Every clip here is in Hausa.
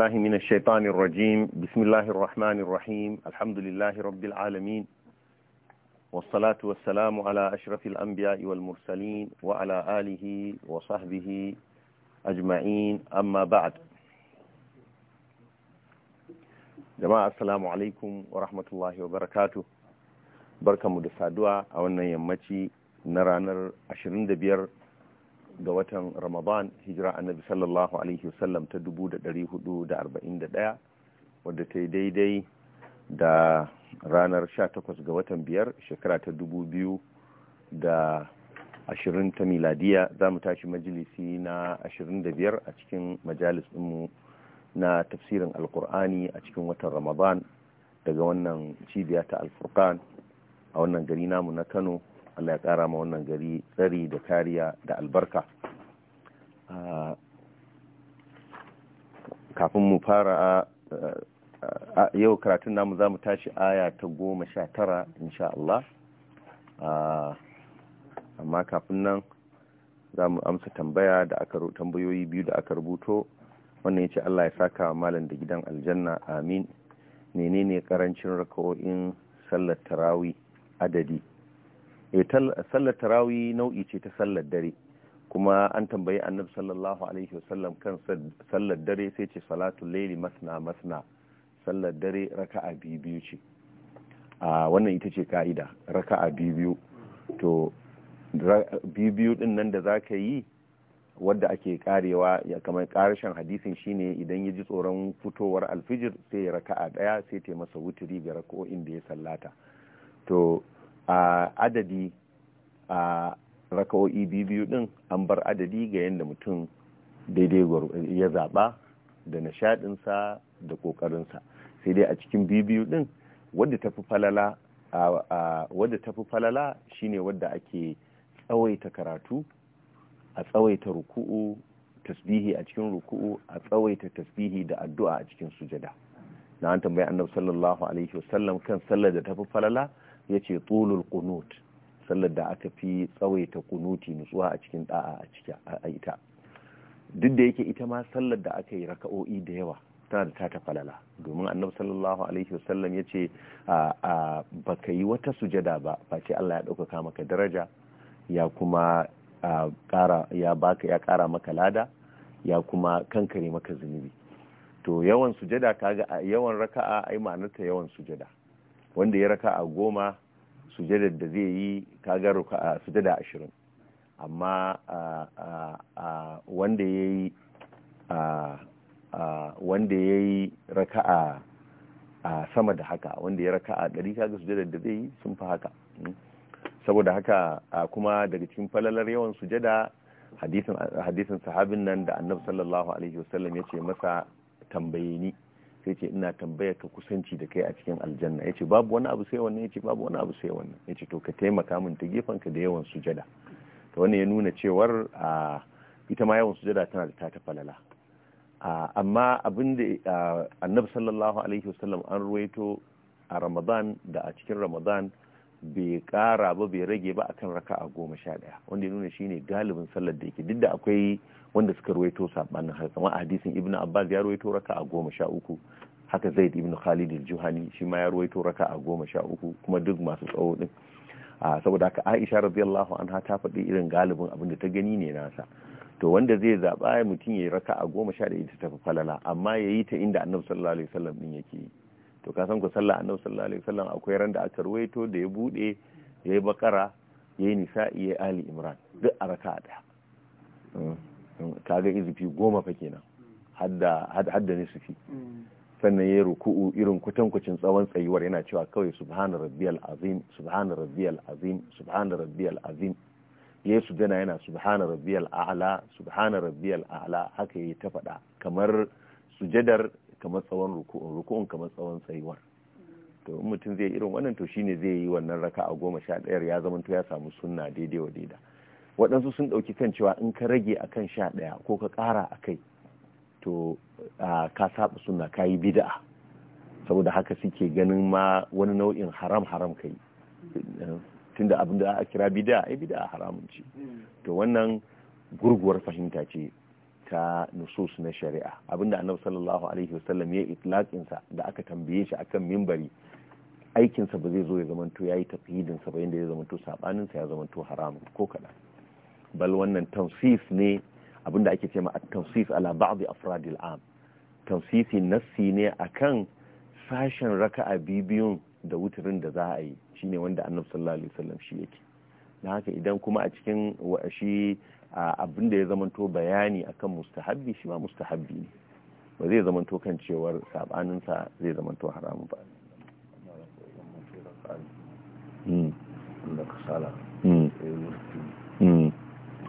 بالله من الشيطان الرجيم بسم الله الرحمن الرحيم الحمد لله رب العالمين والصلاة والسلام على أشرف الأنبياء والمرسلين وعلى آله وصحبه أجمعين أما بعد جماعة السلام عليكم ورحمة الله وبركاته بركة مدسادوة أولنا يمتي نرانر دبير ga watan ramadan hijira annabi sallallahu alaihi wasallam ta 1441 wadda ta yi daidai da ranar sha takwas ga watan biyar shekara ta dubu biyu da ashirin ta miladiya za mu tashi majalisi na biyar a cikin majalis ɗinmu na tafsirin alkur'ani a cikin watan ramadan daga wannan cibiya ta alfurkan a wannan gari namu na kano Allah ya ƙara ma wannan gari tsari da kariya da albarka kafin mu fara yau karatun namu za mu tashi aya ta goma sha tara insha Allah amma kafin nan za mu amsa tambaya da aka tambayoyi biyu da aka rubuto wannan ya ce Allah ya saka malam da gidan aljanna amin menene karancin raka'o'in sallar tarawi adadi Eh, sallar tarawi nau'i ce ta sallar dare kuma an tambayi annabi sallallahu alaihi wasallam kan sallar dare sai ce salatu laili masna masna sallar dare raka'a biyu biyu ce a wannan ita ce ka'ida raka'a biyu biyu to biyu biyu din nan da zaka yi wadda ake karewa ya kamar karshen hadisin shine idan ya ji tsoron fitowar alfijir sai ya raka'a daya sai ta masa wuturi ga rako'in da ya sallata to a adadi a raka'o'i biyu biyu din an bar adadi ga yadda mutum daidai ya zaɓa da nishaɗinsa da ƙoƙarinsa sai dai a cikin biyu biyu din wadda ta fi falala wadda ta fi falala shine wadda ake tsawaita karatu a tsawaita ruku'u tasbihi a cikin ruku'u a tsawaita tasbihi da addu'a a cikin sujada na an tambayi annabi sallallahu alaihi wasallam kan sallar da ta fi falala yace tsulul kunut sallar da aka fi tsawaita kunuti nutsuwa a cikin da'a a cikin a ita duk da yake ita ma sallar da aka yi raka'o'i da yawa tana da tata falala domin annabi sallallahu alaihi wasallam yace a baka yi wata sujada ba face Allah ya ɗaukaka maka daraja ya kuma kara ya baka ya kara maka lada ya kuma kankare maka zunubi to yawan sujada kaga yawan raka'a ai ma'anarta yawan sujada wanda ya raka a goma sujadar da zai yi kaga sujada ashirin amma wanda ya yi wanda ya yi raka'a a sama da haka wanda ya raka'a ɗari kaga sujadar da zai yi sun fi haka hmm. saboda haka kuma daga cikin falalar yawan sujada hadisin sahabin nan da annabi sallallahu alaihi wasallam ya ce masa tambaye ni sai ce ina tambayar ka kusanci da kai a cikin aljanna ce babu wani abu sai wannan yace babu wani abu sai wannan yace to ka taimaka min ta gefen ka da yawan sujada to wannan ya nuna cewar a ita ma yawan sujada tana da tata falala amma abin da annabi sallallahu alaihi wasallam an ruwaito a ramadan da a cikin ramadan bai ƙara ba bai rage ba akan raka a goma sha ɗaya wanda ya nuna shi ne galibin sallar da yake duk da akwai wanda suka ruwaito sabanin haka kamar hadisin Ibn abbas ya ruwaito a goma sha uku haka zaid ibn khalid al-juhani shi ma ya ruwaito raka a goma sha uku kuma duk masu tsawo din saboda haka aisha radiyallahu anha ta faɗi irin galibin abin da ta gani ne nasa to wanda zai zaɓa mutum ya yi a goma sha ɗaya ita tafi falala amma ya yi ta inda annabi sallallahu alaihi wasallam din yake yi to ka san ku sallah annabi sallallahu alaihi wasallam akwai ran da aka ruwaito da ya bude ya yi bakara yi nisa'i yi ali imran duk a raka'a daya mm. kaga izifi goma fa kenan hadda hadda nisfi sannan yi ruku'u irin kutankucin tsawon tsayuwar yana cewa kawai subhana rabbiyal azim subhana rabbiyal azim subhana rabbiyal azim yesu sujana yana subhana rabbiyal a'la subhana rabbiyal a'la haka yi ta faɗa kamar sujadar kamar tsawon ruku'un ruku'un kamar tsawon tsayuwar to in mutum zai irin wannan to shine zai yi wannan raka a goma sha ɗayar ya zama to ya samu sunna daidai wa daida waɗansu sun ɗauki kan cewa in ka rage a kan sha ɗaya ko ka ƙara a kai to ka saba sunna ka yi bida'a saboda haka suke ganin ma wani nau'in haram haram kai tunda abin da aka kira bida'a ai bida'a haramun ce hmm. to wannan gurguwar fahimta ce ta nusus na shari'a abinda annabi sallallahu alaihi wasallam ya itlaqin sa da aka tambaye shi akan mimbari aikin sa ba zai zo ya zamanto yayi tafhidin sa ba inda ya zamanto sabanin sa ya zamanto haram ko kada bal wannan tansif ne abinda ake cewa at-tansif ala ba'd al am tansifi nafsi ne akan sashen raka'a bibiyun da wuturin da za a yi shine wanda annabi sallallahu alaihi wasallam shi yake na haka idan kuma a cikin shi abin da ya zamanto bayani akan mustahabbi shi ma mustahabbi ne ba zai zamanto kan cewar sabaninsa zai zamanto haramun ba hmm. Hmm. Hmm.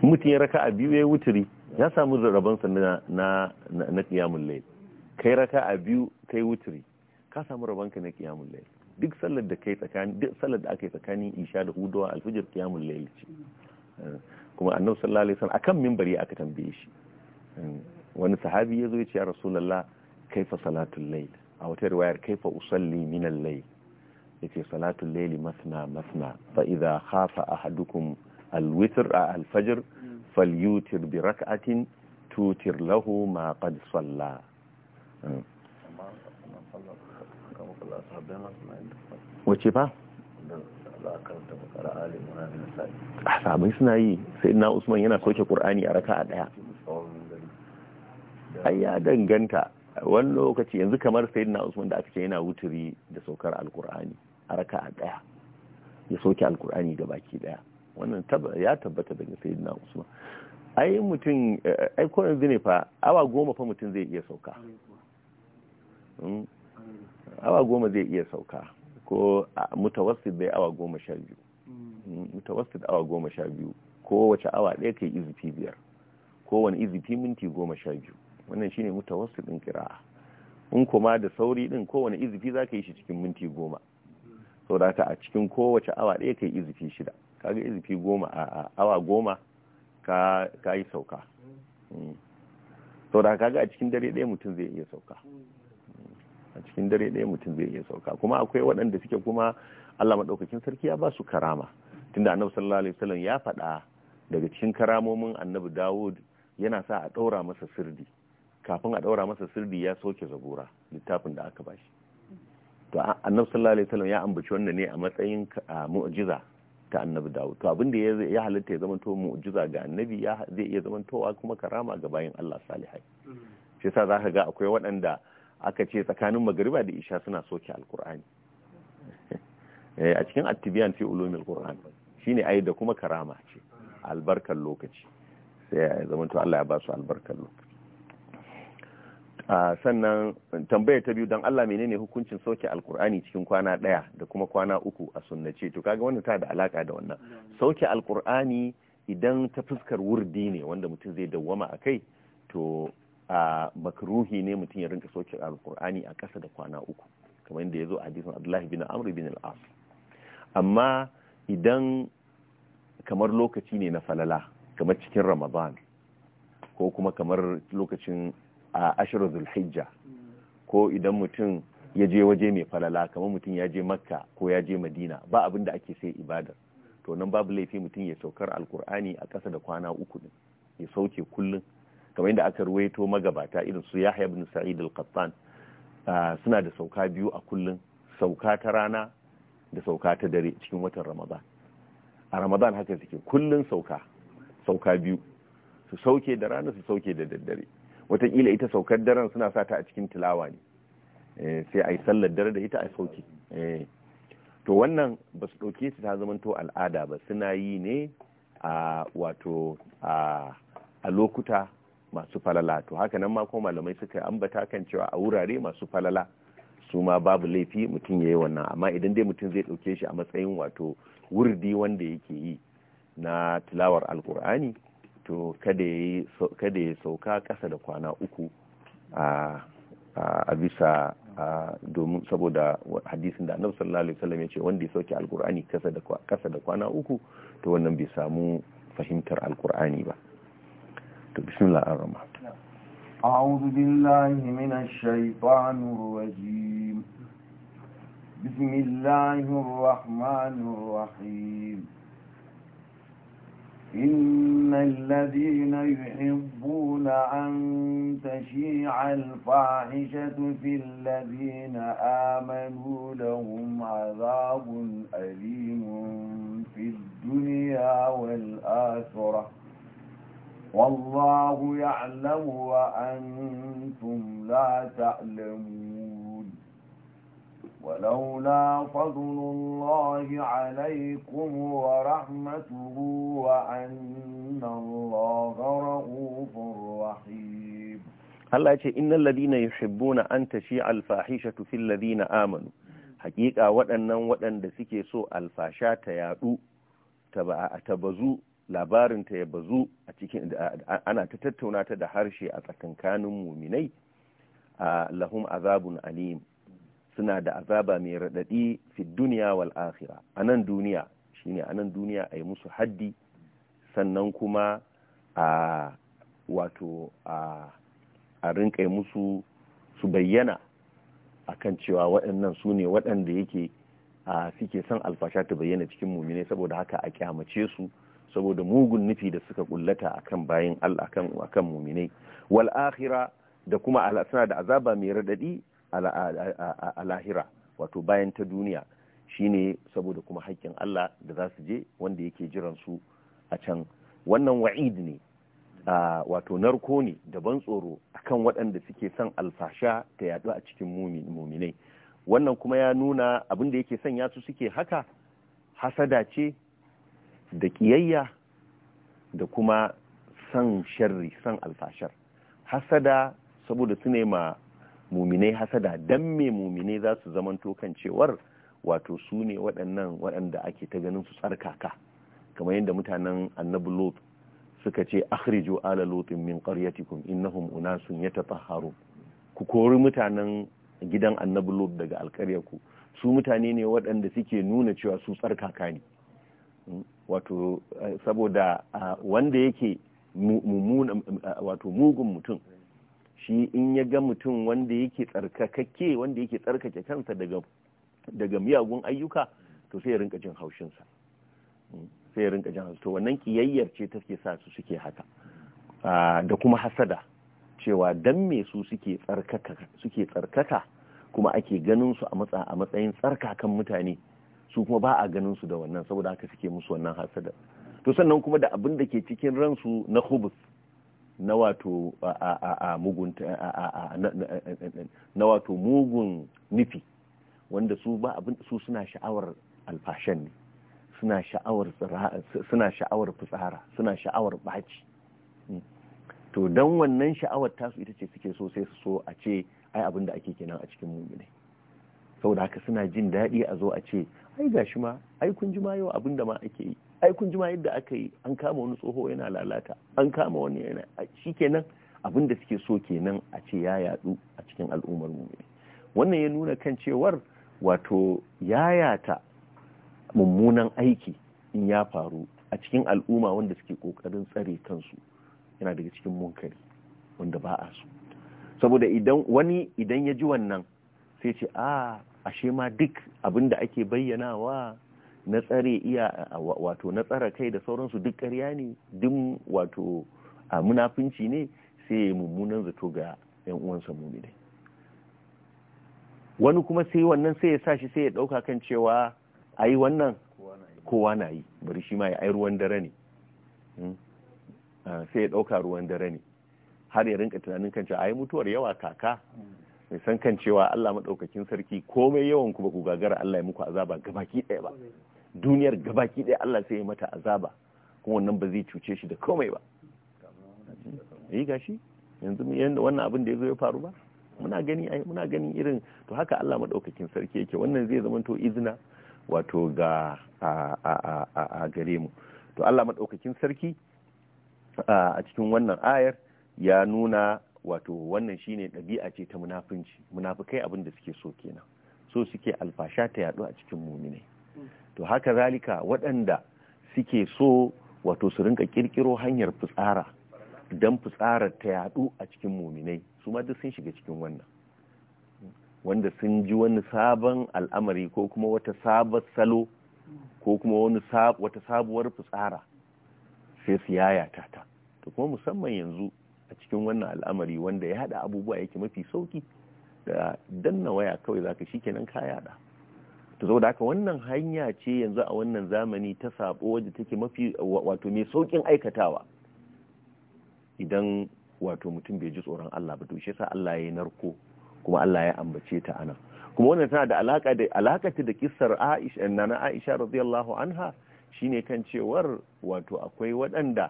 mutum ya raka a biyu ya wuturi ya samu rabansa na na lai kai raka a biyu kai wuturi ka samu rabanka na kiyamun lai duk sallar da kai tsakani duk sallar da aka yi tsakanin isha da hudawa alfijir qiyamul layl ce kuma annabi sallallahu alaihi wasallam akan minbari aka tambaye shi wani sahabi yazo ya ce ya rasulullah kaifa salatul layl a wata riwayar kaifa usalli min al-layl yace salatul layl masna masna fa idha khafa ahadukum al-witr al-fajr falyutir bi rak'atin tutir lahu ma qad salla wace fa a ah, sabai suna yi sai na usman yana soke ƙur'ani a raka a ɗaya ai ya danganta wani lokaci yanzu kamar sai na usman da aka ce yana wuturi da saukar alkur'ani a raka a ɗaya ya soke alkur'ani da baki ɗaya wannan ya tabbata daga sai na usman ai mutum eh, eh, ai ko yanzu ne fa awa goma fa mutum zai iya sauka awa goma zai iya sauka ko mutawassit bai awa goma sha biyu mm. mutawassit awa goma sha biyu kowace awa ɗaya kai izifi biyar ko wani izifi minti goma sha biyu wannan shine mutawassit ɗin kira in kuma da sauri ɗin wani izifi za ka yi shi cikin minti goma da ka a cikin kowace awa ɗaya kai izifi shida kaga izifi goma a awa goma ka yi sauka mm. Mm. saboda kaga a cikin dare ɗaya mutum zai iya sauka cikin dare ɗaya mutum zai iya sauka kuma akwai waɗanda suke kuma Allah maɗaukakin sarki ya ba su karama tunda annabi sallallahu alaihi wasallam ya faɗa daga cikin karamomin annabi Dawud yana sa a ɗaura masa sirdi kafin a ɗaura masa sirdi ya soke zabura littafin da aka bashi to annabi sallallahu alaihi wasallam ya ambaci wannan ne a matsayin mu'jiza ta annabi Dawud to abin da ya halitta ya zama to mu'jiza ga annabi ya zai iya zama towa kuma karama ga bayin Allah salihai mm. shi yasa zaka ga akwai waɗanda aka ce tsakanin magariba da isha suna soke alkur'ani eh, a cikin attibiyan fi ulumil qur'an shine ayi da kuma karama ce albarkar lokaci sai ya zama to Allah ya ba su albarkar lokaci ah, sannan tambaya ta biyu don Allah menene hukuncin soke alkur'ani cikin kwana ɗaya da kuma kwana uku a sunnace to kaga wannan ta da alaka da wannan soke alkur'ani idan ta fuskar wurdi ne wanda mutum zai dawwama a kai to makruhi ne mutum ya rinka soke alkur'ani a ƙasa da kwana uku kamar yadda ya zo a hadisin abdullahi bin amr bin al amma idan kamar lokaci ne na falala kamar cikin ramadan ko kuma kamar lokacin a ashirar zulhijja ko idan mutum ya je waje mai falala kamar mutum ya je makka ko ya je madina ba abin da ake sai ibadar to nan babu laifi mutum ya saukar alkur'ani a ƙasa da kwana uku ne ya sauke kullum kamar yadda aka ruwaito magabata irin su Yahya bin Sa'id al-Qattan ah, suna da sauka biyu a kullun sauka ta rana da sauka ta dare cikin watan Ramadan a Ramadan haka suke kullun sauka sauka biyu su sauke da rana su sauke da daddare watakila ita saukar daren suna sa ta a cikin tilawa ne eh, sai a yi sallar dare da ita a sauke eh, to wannan ba su ɗauke su ta zamanto al'ada ba suna yi ne a wato a lokuta masu falala to haka nan ma ko malamai suka ambata kan cewa a wurare masu falala su ma babu laifi mutum ya yi wannan amma idan dai mutum zai ɗauke shi a matsayin wato wurdi wanda yake yi na tilawar alkur'ani to kada ya sauka ƙasa da kwana uku a bisa domin saboda hadisin da annabi sallallahu alaihi wasallam ya ce wanda ya sauke alkur'ani kasa da kwana uku to wannan bai samu fahimtar alkur'ani ba بسم الله الرحمن الرحيم أعوذ بالله من الشيطان الرجيم بسم الله الرحمن الرحيم إن الذين يحبون أن تشيع الفاحشة في الذين آمنوا لهم عذاب أليم في الدنيا والآخرة والله يعلم وأنتم لا تعلمون ولولا فضل الله عليكم ورحمته وأن الله رؤوف رحيم هلا يا إن الذين يحبون أن تشيع الفاحشة في الذين آمنوا حقيقة waɗannan waɗanda suke so alfasha ta yaɗu ta bazu labarinta ya bazu a cikin ana ta tattauna ta da harshe a tsakankanin muminai a lahum azabun alim suna da azaba mai raɗaɗi fi duniya wal akhira a nan duniya shine a nan duniya a musu haddi sannan kuma a wato a rinƙa musu su bayyana akan cewa waɗannan su ne waɗanda yake a suke son alfasha ta bayyana cikin muminai saboda haka a kyamace su saboda mugun nufi da suka kullata akan bayin Allah akan akan muminai wal akhira da kuma suna da azaba mai radadi a lahira wato bayan ta duniya shine saboda kuma haƙƙin Allah da za su je wanda yake jiran su a can wannan wa'id ne wato narko ne da ban tsoro akan waɗanda suke son alfasha ta yadu a cikin muminai wannan kuma ya nuna abin da yake sanya su suke haka hasada ce da ƙiyayya da kuma san sharri san alfashar hasada saboda su ne ma muminai hasada dan me muminai za su zamanto kan cewar wato su ne waɗannan waɗanda ake ta ganin su tsarkaka kamar yadda mutanen annabi lot suka ce akhrijo ala lotin min qaryatikum innahum unasun yatatahharu ku kori mutanen gidan annabi lot daga alƙaryarku su mutane ne waɗanda suke nuna cewa su tsarkaka ne wato eh, saboda ah, wanda yake ah, mugun mutum shi in ya ga mutum wanda yake tsarkakakke wanda yake tsarkake kansa daga miyagun ayyuka to sai ya rinka jin haushinsa mm, sai ya rinka jin to wannan kiyayyar ce take sa su suke haka ah, da kuma hasada cewa dan me su suke tsarkaka kuma ake ganin su a matsayin tsarkakan mutane su kuma ba a ganin su da wannan saboda haka suke musu wannan hasada to sannan kuma da abin da ke cikin ransu na hubus na wato a mugun na wato mugun nufi wanda su ba abin su suna sha'awar alfashan ne suna sha'awar fitsara suna sha'awar baci to don wannan sha'awar tasu ita ce suke so sai su so a ce ai abin da ake kenan a cikin muminai saboda haka suna jin daɗi a zo a ce ai gashi ma ai kun jima yau abin da ma ake yi ai kun jima yadda aka yi an kama wani tsoho yana lalata an kama wani yana shikenan abin da suke so kenan a ce ya yadu a cikin al'ummar mu wannan ya nuna kan cewar wato yayata mummunan aiki in ya faru a cikin al'umma wanda suke kokarin tsare kansu yana daga cikin munkari wanda ba a so saboda idan wani idan ya ji wannan sai ce a ah, ashe ma duk abin da ake bayyanawa na tsare iya wato na tsara kai da sauransu duk ƙarya ne duk wato a munafunci ne sai ya mummunan zato ga 'yan uwansa muminai wani kuma sai wannan sai ya sa shi sai ya ɗauka kan cewa a yi wannan kowa na yi bari shi ma ya ai ruwan dare ne hmm? sai ya ɗauka ruwan dare ne har ya rinka tunanin kan cewa a yi mutuwar yawa kaka mai san kan cewa Allah maɗaukakin sarki komai yawan ku ba ku gagara Allah ya muku azaba gabaki ɗaya ba duniyar gabaki ɗaya Allah sai ya mata azaba kuma wannan ba zai cuce shi da komai ba yi eh, gashi yanzu wannan abin da ya zo ya faru ba muna gani muna ganin irin to haka Allah maɗaukakin sarki yake wannan zai zama to izina wato ga a a gare mu to Allah maɗaukakin sarki a cikin wannan ayar ya nuna wato wannan shine ɗabi'a ce ta munafunci munafukai abin da suke so kenan so suke alfasha ta yaɗu a cikin muminai to haka zalika waɗanda suke so wato su rinka ƙirƙiro hanyar fitsara don fitsara ta yaɗu a cikin muminai su ma duk sun shiga cikin wannan wanda sun ji wani sabon al'amari ko kuma wata sabon salo ko kuma wani wata sabuwar fitsara sai su yayata ta to kuma musamman yanzu a cikin wannan al'amari wanda ya haɗa abubuwa yake mafi sauki da danna waya kawai zaka shikenan ka yada to saboda haka wannan hanya ce yanzu a wannan zamani ta sabo wadda take mafi wato mai saukin aikatawa idan wato mutum bai ji tsoron Allah ba to shi yasa Allah ya yi narko kuma Allah ya ambace ta anan kuma wannan tana da alaka da alakata da kissar Aisha nana Aisha radiyallahu anha shine kan cewar wato akwai waɗanda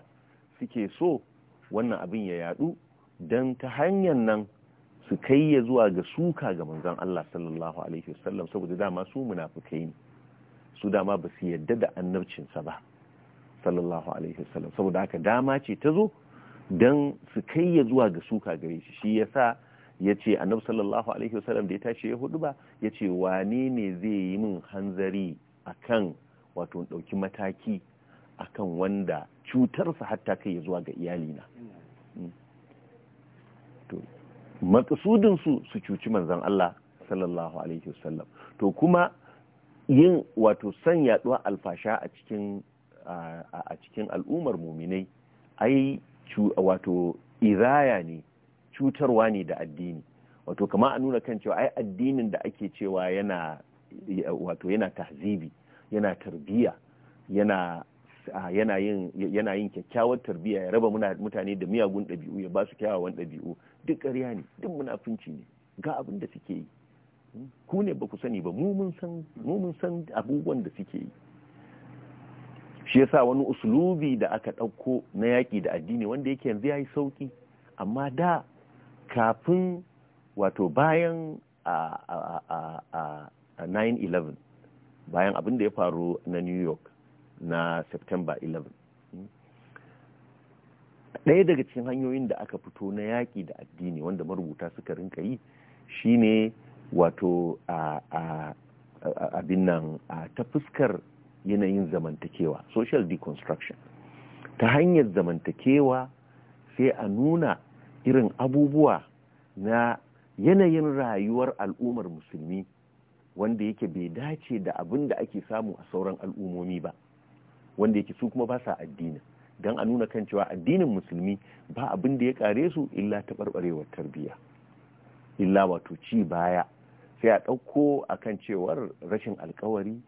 suke so wannan abin ya yadu Dan ta hanyar nan su kai ya zuwa ga suka ga manzon Allah sallallahu alaihi wasallam saboda dama su munafukai ne su dama ba su yadda da annabcinsa ba sallallahu alaihi wasallam saboda haka dama ce ta zo don su kai ya zuwa ga suka gare shi shi yasa ya ce annabi sallallahu alaihi wasallam da ya tashi ya hudu ba ya ce wane ne zai yi min hanzari akan wato ɗauki mataki akan wanda cutarsa hatta kai ya zuwa ga iyalina maƙasudinsu su cuci manzan Allah sallallahu alaihi wasallam to kuma yin wato san yaduwa alfasha a cikin a cikin al'ummar muminai ai wato iraya ne cutarwa ne da addini wato kama a nuna kan cewa ai addinin da ake cewa yana wato yana tahzibi yana tarbiya yana yana yin kyakkyawar tarbiyya ya raba mutane da miyagun ɗabi'u ya ba su kyawawan ɗabi'u duk ƙarya ne duk munafunci ne ga abin da suke yi ku ne ba ku sani ba mu mun san abubuwan da suke yi shi yasa wani usulubi da aka ɗauko na yaƙi da addini wanda yake yanzu ya yi sauƙi amma da kafin wato bayan a 9-11 bayan abin da ya faru na new york na september 11 ɗaya daga cikin hanyoyin da aka fito na yaƙi da addini wanda marubuta suka rinka yi shine wato abin nan ta fuskar yanayin zamantakewa social deconstruction ta hanyar zamantakewa sai a nuna irin abubuwa na yanayin rayuwar al'ummar musulmi wanda yake bai dace da abin da ake samu a sauran al'ummomi ba wanda yake su kuma ba sa addinin don a nuna kan cewa addinin musulmi ba abin da ya kare su illa taɓarɓarewar tarbiyya illa wato ci baya sai a ɗauko a kan cewar rashin alkawari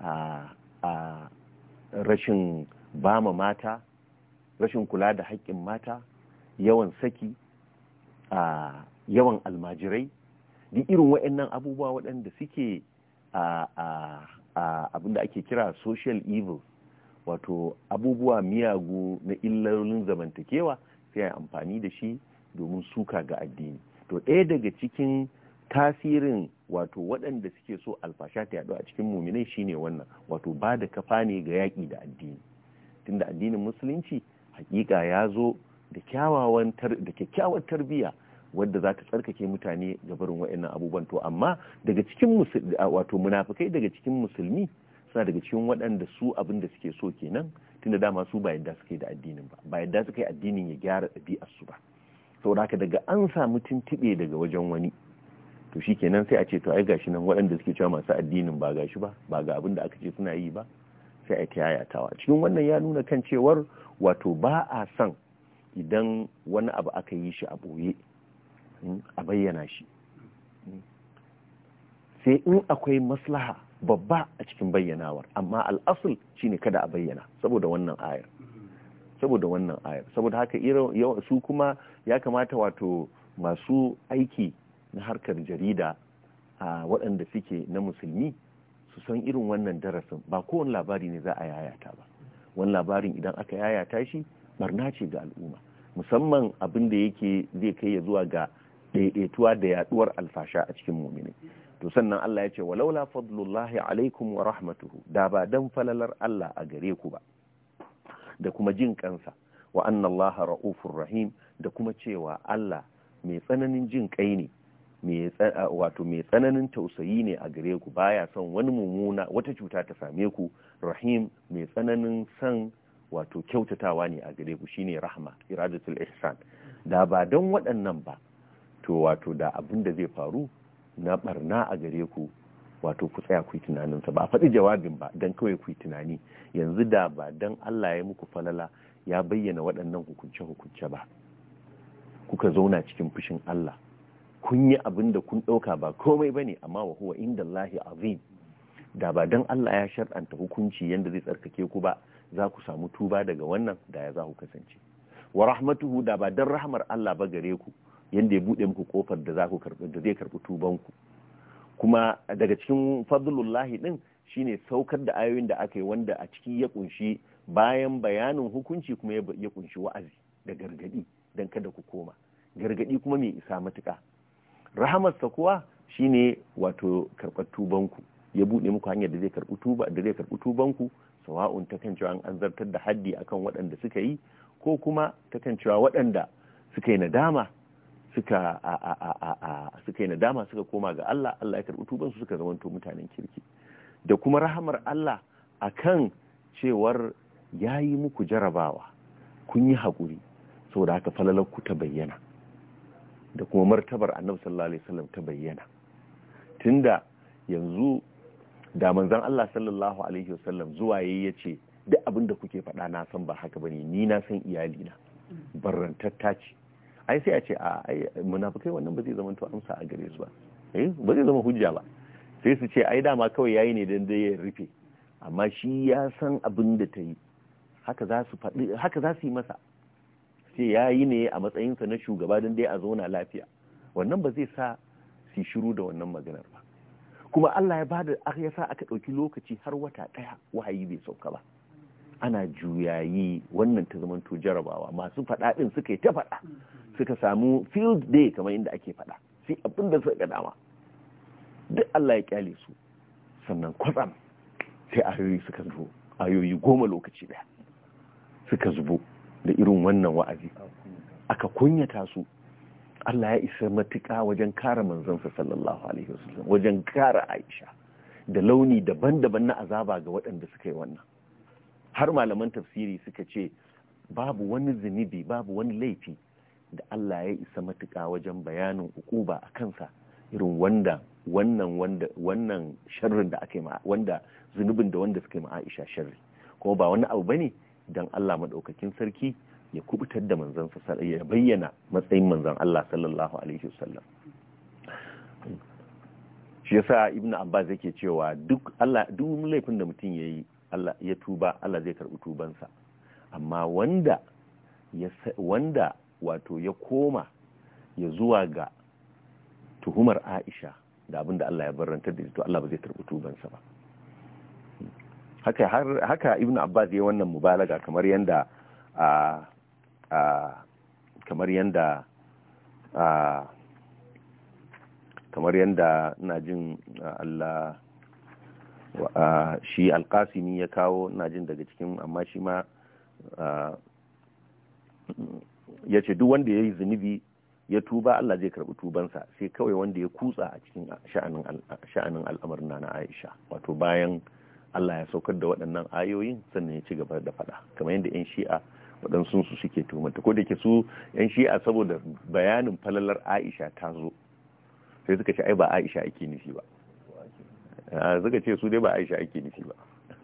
a rashin bama mata rashin kula da haƙƙin mata yawan saki a yawan almajirai duk irin waɗannan abubuwa waɗanda suke abin da ake kira social evil wato abubuwa miyagu na illolin zamantakewa sai a amfani da shi domin suka ga addini to ɗaya daga cikin tasirin wato waɗanda suke so alfasha ta yaɗu a cikin muminai shine wannan wato ba da kafa ne ga yaƙi da addini tunda addinin musulunci hakika ya zo da kyakkyawar tarbiyya wadda za ta tsarkake mutane ga barin waɗannan abubuwan to amma daga cikin wato munafukai daga cikin musulmi suna daga cikin waɗanda su abin da suke so kenan tun da dama su ba yadda suka yi da addinin ba ba yadda suka yi addinin ya gyara ɗabi'ar su ba saboda haka daga an samu tuntuɓe daga wajen wani to shi kenan sai a ce to ai gashi nan waɗanda suke cewa masu addinin ba gashi ba ba ga abin da aka ce suna yi ba sai a ta yayatawa cikin wannan ya nuna kan cewar wato ba a son idan wani abu aka yi shi a ɓoye hmm, a bayyana shi hmm. sai in akwai maslaha babba a cikin bayyanawar amma al'asul shi ne kada a bayyana saboda wannan ayar saboda wannan ayar saboda haka su kuma ya kamata wato masu aiki na harkar jarida a waɗanda suke na musulmi su san irin wannan darasin ba kowane labari ne za a yayata ba wani labarin idan aka yayata shi barna ce ga al'umma musamman abin da yake zai kai ya zuwa ga daidaituwa da yaɗuwar alfasha a cikin muminai to sannan Allah ya ce wa laula fadlullahi alaikum wa rahmatuhu da ba dan falalar Allah a gare ku ba da kuma jin kansa wa annallaha ra'ufur rahim da kuma cewa Allah mai tsananin jin kai ne wato mai tsananin tausayi ne a gare ku baya son wani mummuna wata cuta ta same ku rahim mai tsananin san wato kyautatawa ne a gare ku shine rahma iradatul ihsan da ba don waɗannan ba to wato da abin da zai faru na barna a gare ku wato ku tsaya ku yi tunanin ba a faɗi jawabin ba don kawai ku yi tunani yanzu da ba don Allah ya muku falala ya bayyana waɗannan hukunce hukunce ba kuka zauna cikin fushin Allah kun yi abin da kun ɗauka ba komai ba ne amma wa huwa inda Allah azim da ba don Allah ya shar'anta hukunci yadda zai tsarkake ku ba za ku samu tuba daga wannan da ya za ku kasance wa rahmatuhu da ba don rahmar Allah ba gare ku yadda ya buɗe muku kofar da zaku zai karɓi tuban kuma daga cikin fadlullahi din shine saukar da ayoyin da aka yi wanda a ciki ya ƙunshi bayan bayanin hukunci kuma ya kunshi wa'azi da gargadi dan kada ku koma gargadi kuma mai isa matuka rahamarsa kuwa shine wato karɓar tubanku ya buɗe muku hanyar da zai karɓi tuba da zai karɓi tubanku sawa'un ta kan cewa an zartar da haddi akan waɗanda suka yi ko kuma ta kan cewa waɗanda suka yi nadama suka suka yi nadama suka koma ga Allah Allah ya karɓi tubansu suka zamanto mutanen kirki da kuma rahamar Allah akan cewar ya yi muku jarabawa kun yi haƙuri saboda haka ku ta bayyana da kuma martabar annabi sallallahu alaihi wasallam ta bayyana tunda yanzu da manzon Allah sallallahu alaihi wasallam zuwa yayi yace duk abin da kuke faɗa na san ba haka bane ni na san iyali na ce ai sai a ce a ai munafikai wannan ba zai zama to amsa a gare su ba eh ba zai zama hujja ba sai su ce ai dama kawai yayi ne dan dai ya rufe amma shi ya san abin da ta yi haka za su faɗi haka za su yi masa sai yayi ne a matsayinsa na shugaba dan dai a zauna lafiya wannan ba zai sa su shiru da wannan maganar ba kuma Allah ya bada ya sa aka ɗauki lokaci har wata ɗaya wahayi bai sauka ba ana juyayi wannan ta zama jarabawa masu faɗa ɗin suka yi ta faɗa suka samu field day kamar inda ake faɗa sai abin da suka dama duk Allah ya kyale su sannan kwatsam sai ayoyi suka zubo ayoyi goma lokaci daya suka zubo da irin wannan wa'azi aka kunyata su Allah ya isa matuƙa wajen kara manzansa sallallahu alaihi wasallam wajen kare Aisha da launi daban-daban na azaba ga waɗanda suka yi wannan har malaman tafsiri suka ce babu wani zunubi babu wani laifi da Allah ya isa matuƙa wajen bayanin ukuba a kansa irin wanda wannan wanda wannan sharrin da aka yi wanda zunubin da wanda suka yi Aisha sharri kuma ba wani abu bane dan Allah madaukakin sarki ya kubutar da manzansa ya bayyana matsayin manzon Allah sallallahu alaihi wasallam shi yasa ibnu abbas yake cewa duk Allah duk laifin da mutum yayi Allah ya tuba Allah zai karbi tubansa amma wanda ya wanda wato ya koma ya zuwa ga tuhumar aisha da abinda Allah ya barantar da to Allah ba zai karɓi tubansa ba haka har ibn abbas ya wannan mubalaga kamar yanda a kamar yanda a kamar yanda ina jin Allah shi alqasimi ya kawo ina jin daga cikin amma shi ma ya ce duk wanda ya yi zunubi ya tuba Allah zai karɓi tubansa sai kawai wanda ya kutsa a cikin sha'anin al'amarin na Aisha wato bayan Allah ya saukar da waɗannan ayoyin sannan ya ci gaba da faɗa kamar yadda 'yan shi'a waɗansu su suke tuhumata ko da ke su 'yan shi'a saboda bayanin falalar Aisha ta zo sai suka ce ai ba Aisha ake nufi ba ah, suka ce su dai ba Aisha ake nufi ba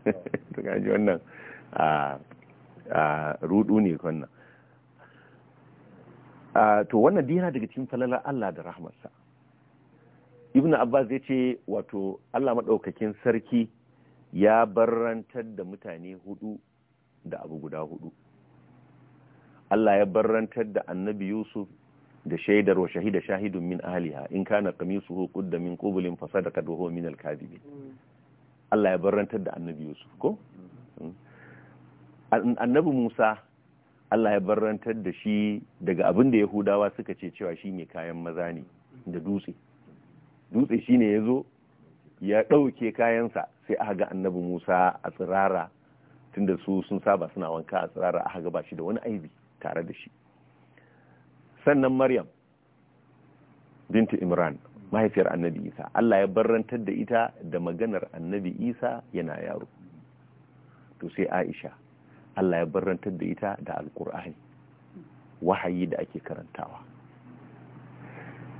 to ji wannan a ah, ah, rudu ne wannan Ah, to wannan dina daga cikin falalar Allah da rahmarsa ibn abbas ya ce wato Allah maɗaukakin sarki ya barrantar da mutane hudu da abu guda hudu Allah ya barrantar da annabi Yusuf da shaidar wa shahida shahidun min ahliha in kana qamisuhu qudda min qublin fa sadaqa wa min al Allah ya barrantar da annabi Yusuf ko hmm. annabi Musa Allah ya barrantar da shi daga abin da Yahudawa suka ce cewa shi ne kayan maza ne da dutse dutse shi ne ya zo ya ɗauke kayansa sai aka ga annabi Musa a tsirara tunda su sun saba suna wanka a tsirara aka ga ba shi da wani aibi tare da shi sannan Maryam bintu Imran mahaifiyar annabi Isa Allah ya barrantar da ita da maganar annabi Isa yana yaro to sai Aisha Allah ya barantar da ita da alkur'ani wahayi da ake karantawa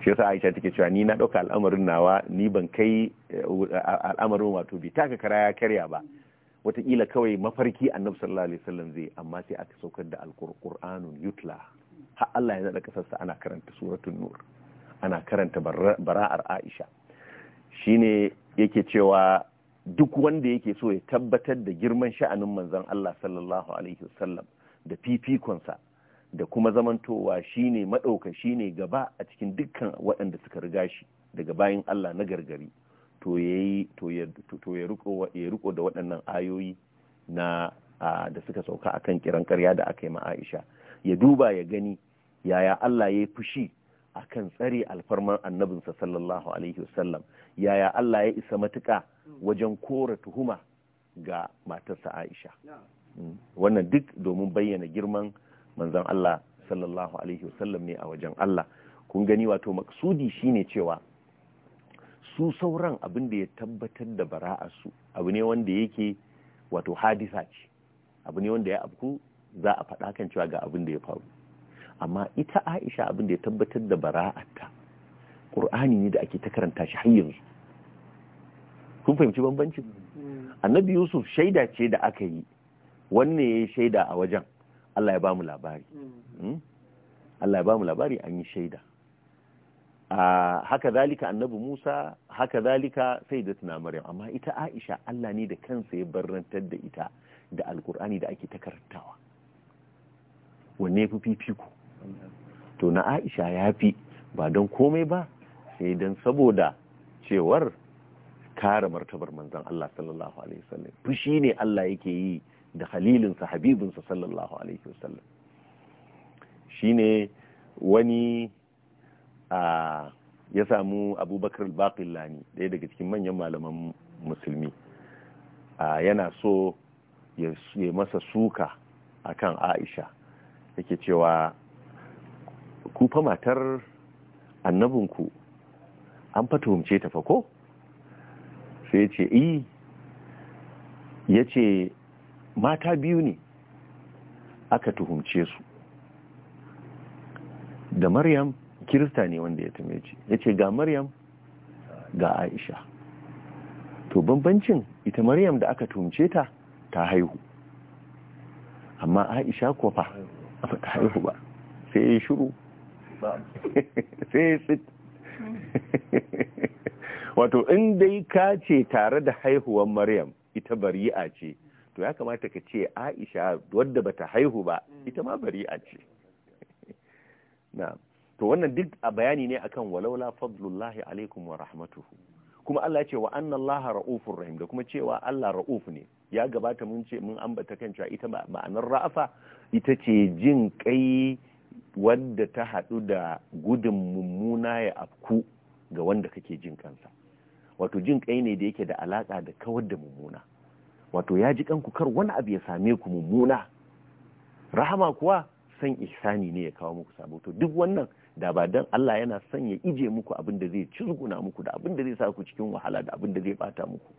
shi yasa Aisha take cewa ni na dauka al'amarin nawa ni ban kai eh, al'amarin wato bi taka kara ya karya ba wataƙila kawai mafarki annabi sallallahu alaihi wasallam zai amma sai aka saukar da alkur'ani yutla har Allah ya nada kasarsa ana karanta suratul nur ana karanta bara'ar Aisha shine yake cewa duk wanda yake so ya tabbatar da girman sha'anin manzon Allah sallallahu alaihi wasallam da fifikonsa da kuma zamantowa shine madauka shine gaba a cikin dukkan waɗanda suka riga shi daga bayin Allah na gargari to yayi ya to ya riko ya riko da waɗannan ayoyi na da suka sauka akan kiran ƙarya da aka yi ma Aisha ya duba ya gani yaya Allah ya yi fushi akan tsare alfarman annabinsa sallallahu alaihi wasallam yaya Allah ya isa matuka wajen kora tuhuma ga matarsa Aisha mm. wannan duk domin bayyana girman manzon Allah sallallahu alaihi wasallam ne a wajen Allah kun gani wato maksudi shine cewa su sauran abin da ya tabbatar da bara'arsu abu ne wanda yake wato hadisa ce abu ne wanda ya abku za a faɗa kan cewa ga abin da ya faru amma ita aisha abin da ya tabbatar da bara'arta ƙur'ani ne da ake ta karanta shi har yanzu kun fahimci bambancin annabi yusuf shaida ce da aka yi wanne ya shaida a wajen allah ya ba mu labari hmm? allah ya ba mu labari an yi shaida haka zalika annabi musa haka zalika sai da maryam amma ita aisha allah ne da kansa ya barrantar da ita da alkur'ani da ake ta karantawa wanne ya fi fifiko to na aisha ya fi ba don komai ba sai don saboda cewar kare martabar manzan Allah sallallahu alaihi wasallam fushi ne Allah yake yi da halilinsa habibinsa sallallahu alaihi wasallam shine wani a ya samu abubakar al-baqillani ɗaya daga cikin manyan malaman musulmi yana so ya masa suka akan aisha yake cewa ku fa matar annabinku an fa tuhumce ta fa ko sai ya ce yi eh, ya ce mata biyu ne aka tuhumce su da maryam kirista ne wanda ya tume ce ya ce ga maryam ga aisha to bambancin ita maryam da aka tuhumce ta ta haihu amma aisha kuwa a haihu ba sai ya yi shuru sit wato in dai ka ce tare da haihuwar maryam ita bari'a ce to ya kamata ka ce aisha wadda bata haihu ba ita ma bari'a ce na to wannan duk a bayani ne akan walaula fadlullahi alaikum wa rahmatuhu kuma Allah ya ce wa anna Allah ra'ufur rahim da kuma cewa Allah ra'uf ne ya gabata mun ce mun ambata kan cewa ita ma'anar ra'afa ita ce jin kai wanda ta haɗu da gudun mummuna ya afku ga wanda kake jin kansa wato jin kai ne da yake da alaka da kawar da mummuna wato ya ji kanku kar wani abu ya same ku mummuna rahama kuwa san ihsani ne ya kawo muku sabo to duk wannan da ba dan Allah yana son ya ije muku abin da zai cizguna muku da abin da zai sa ku cikin wahala da abin da zai bata muku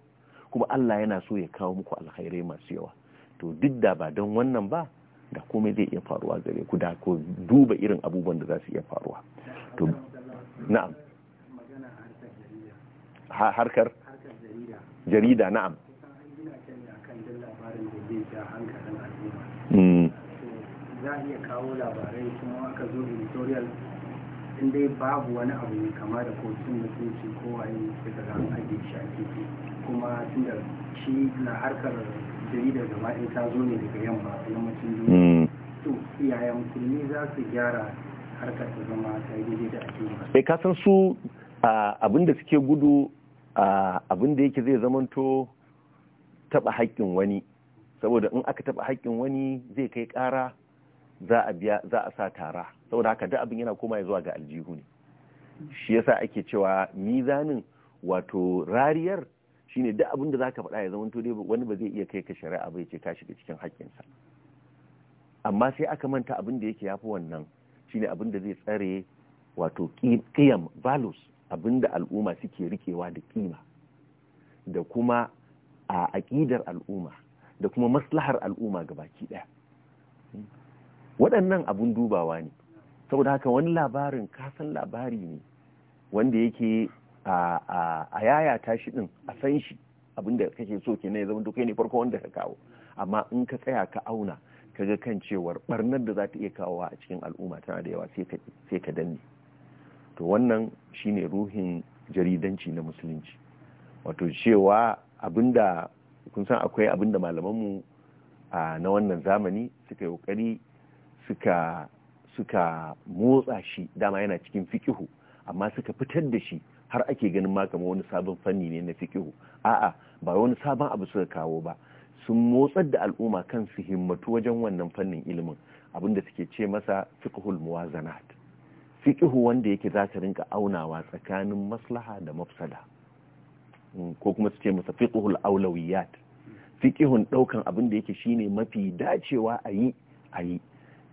kuma Allah yana so ya kawo muku alkhairai masu yawa to duk da ba dan wannan ba da komai zai iya faruwa gare ku da ku duba irin abubuwan da za su iya faruwa to na'am harkar jarida na'am hmm. za a iya kawo labarai kuma aka zo editorial in dai babu wani abu mai kama da kotun mutunci ko waye daga an ajiye shi a kuma tunda shi na harkar jaridar gaba ɗaya ta zo ne daga yamma yammacin duniya hmm. to yaya musulmi za su gyara harkar ta zama ta daidai da ake eh, ka san su abin da suke gudu abin da yake zai zamanto taɓa haƙƙin wani saboda in aka taɓa haƙƙin wani zai kai ƙara za a biya za a sa tara saboda haka duk abin yana koma zuwa ga aljihu ne shi yasa ake cewa mizanin wato rariyar shine duk abin da zaka faɗa ya zama to dai wani ba zai iya kai ka shari'a ba ce ka shiga cikin haƙƙinsa amma sai aka manta abin da yake yafi wannan shine abin da zai tsare wato kiyam values abin da al'umma suke rikewa da kima da kuma a aƙidar al'umma da kuma maslahar al'umma baki ɗaya waɗannan abun dubawa ne saboda haka wani labarin kasan labari ne wanda yake a yaya tashi din a san shi abinda kake so kenan ya zama to kai ne farko wanda ka kawo amma in ka tsaya ka auna ka ga kan cewar barnar da za ta iya kawowa a cikin al'umma tana da yawa sai ka danne to wannan shine ruhin jaridanci na musulunci wato cewa abinda kun san akwai abinda malamanmu na wannan zamani suka yi suka suka motsa shi dama yana cikin fikihu amma suka fitar da shi har ake ganin ma kamar wani sabon fanni ne na fiƙihu a'a ba wani sabon abu suka kawo ba sun motsar da al'umma kan su himmatu wajen wannan fannin ilimin da suke ce masa fiqhul muwazanat fiqihu wanda yake zata rinka aunawa tsakanin maslaha da mafsada hmm, ko kuma su ce masa fiqhul aulawiyat fiqihun daukan abin da yake shine mafi dacewa a yi a yi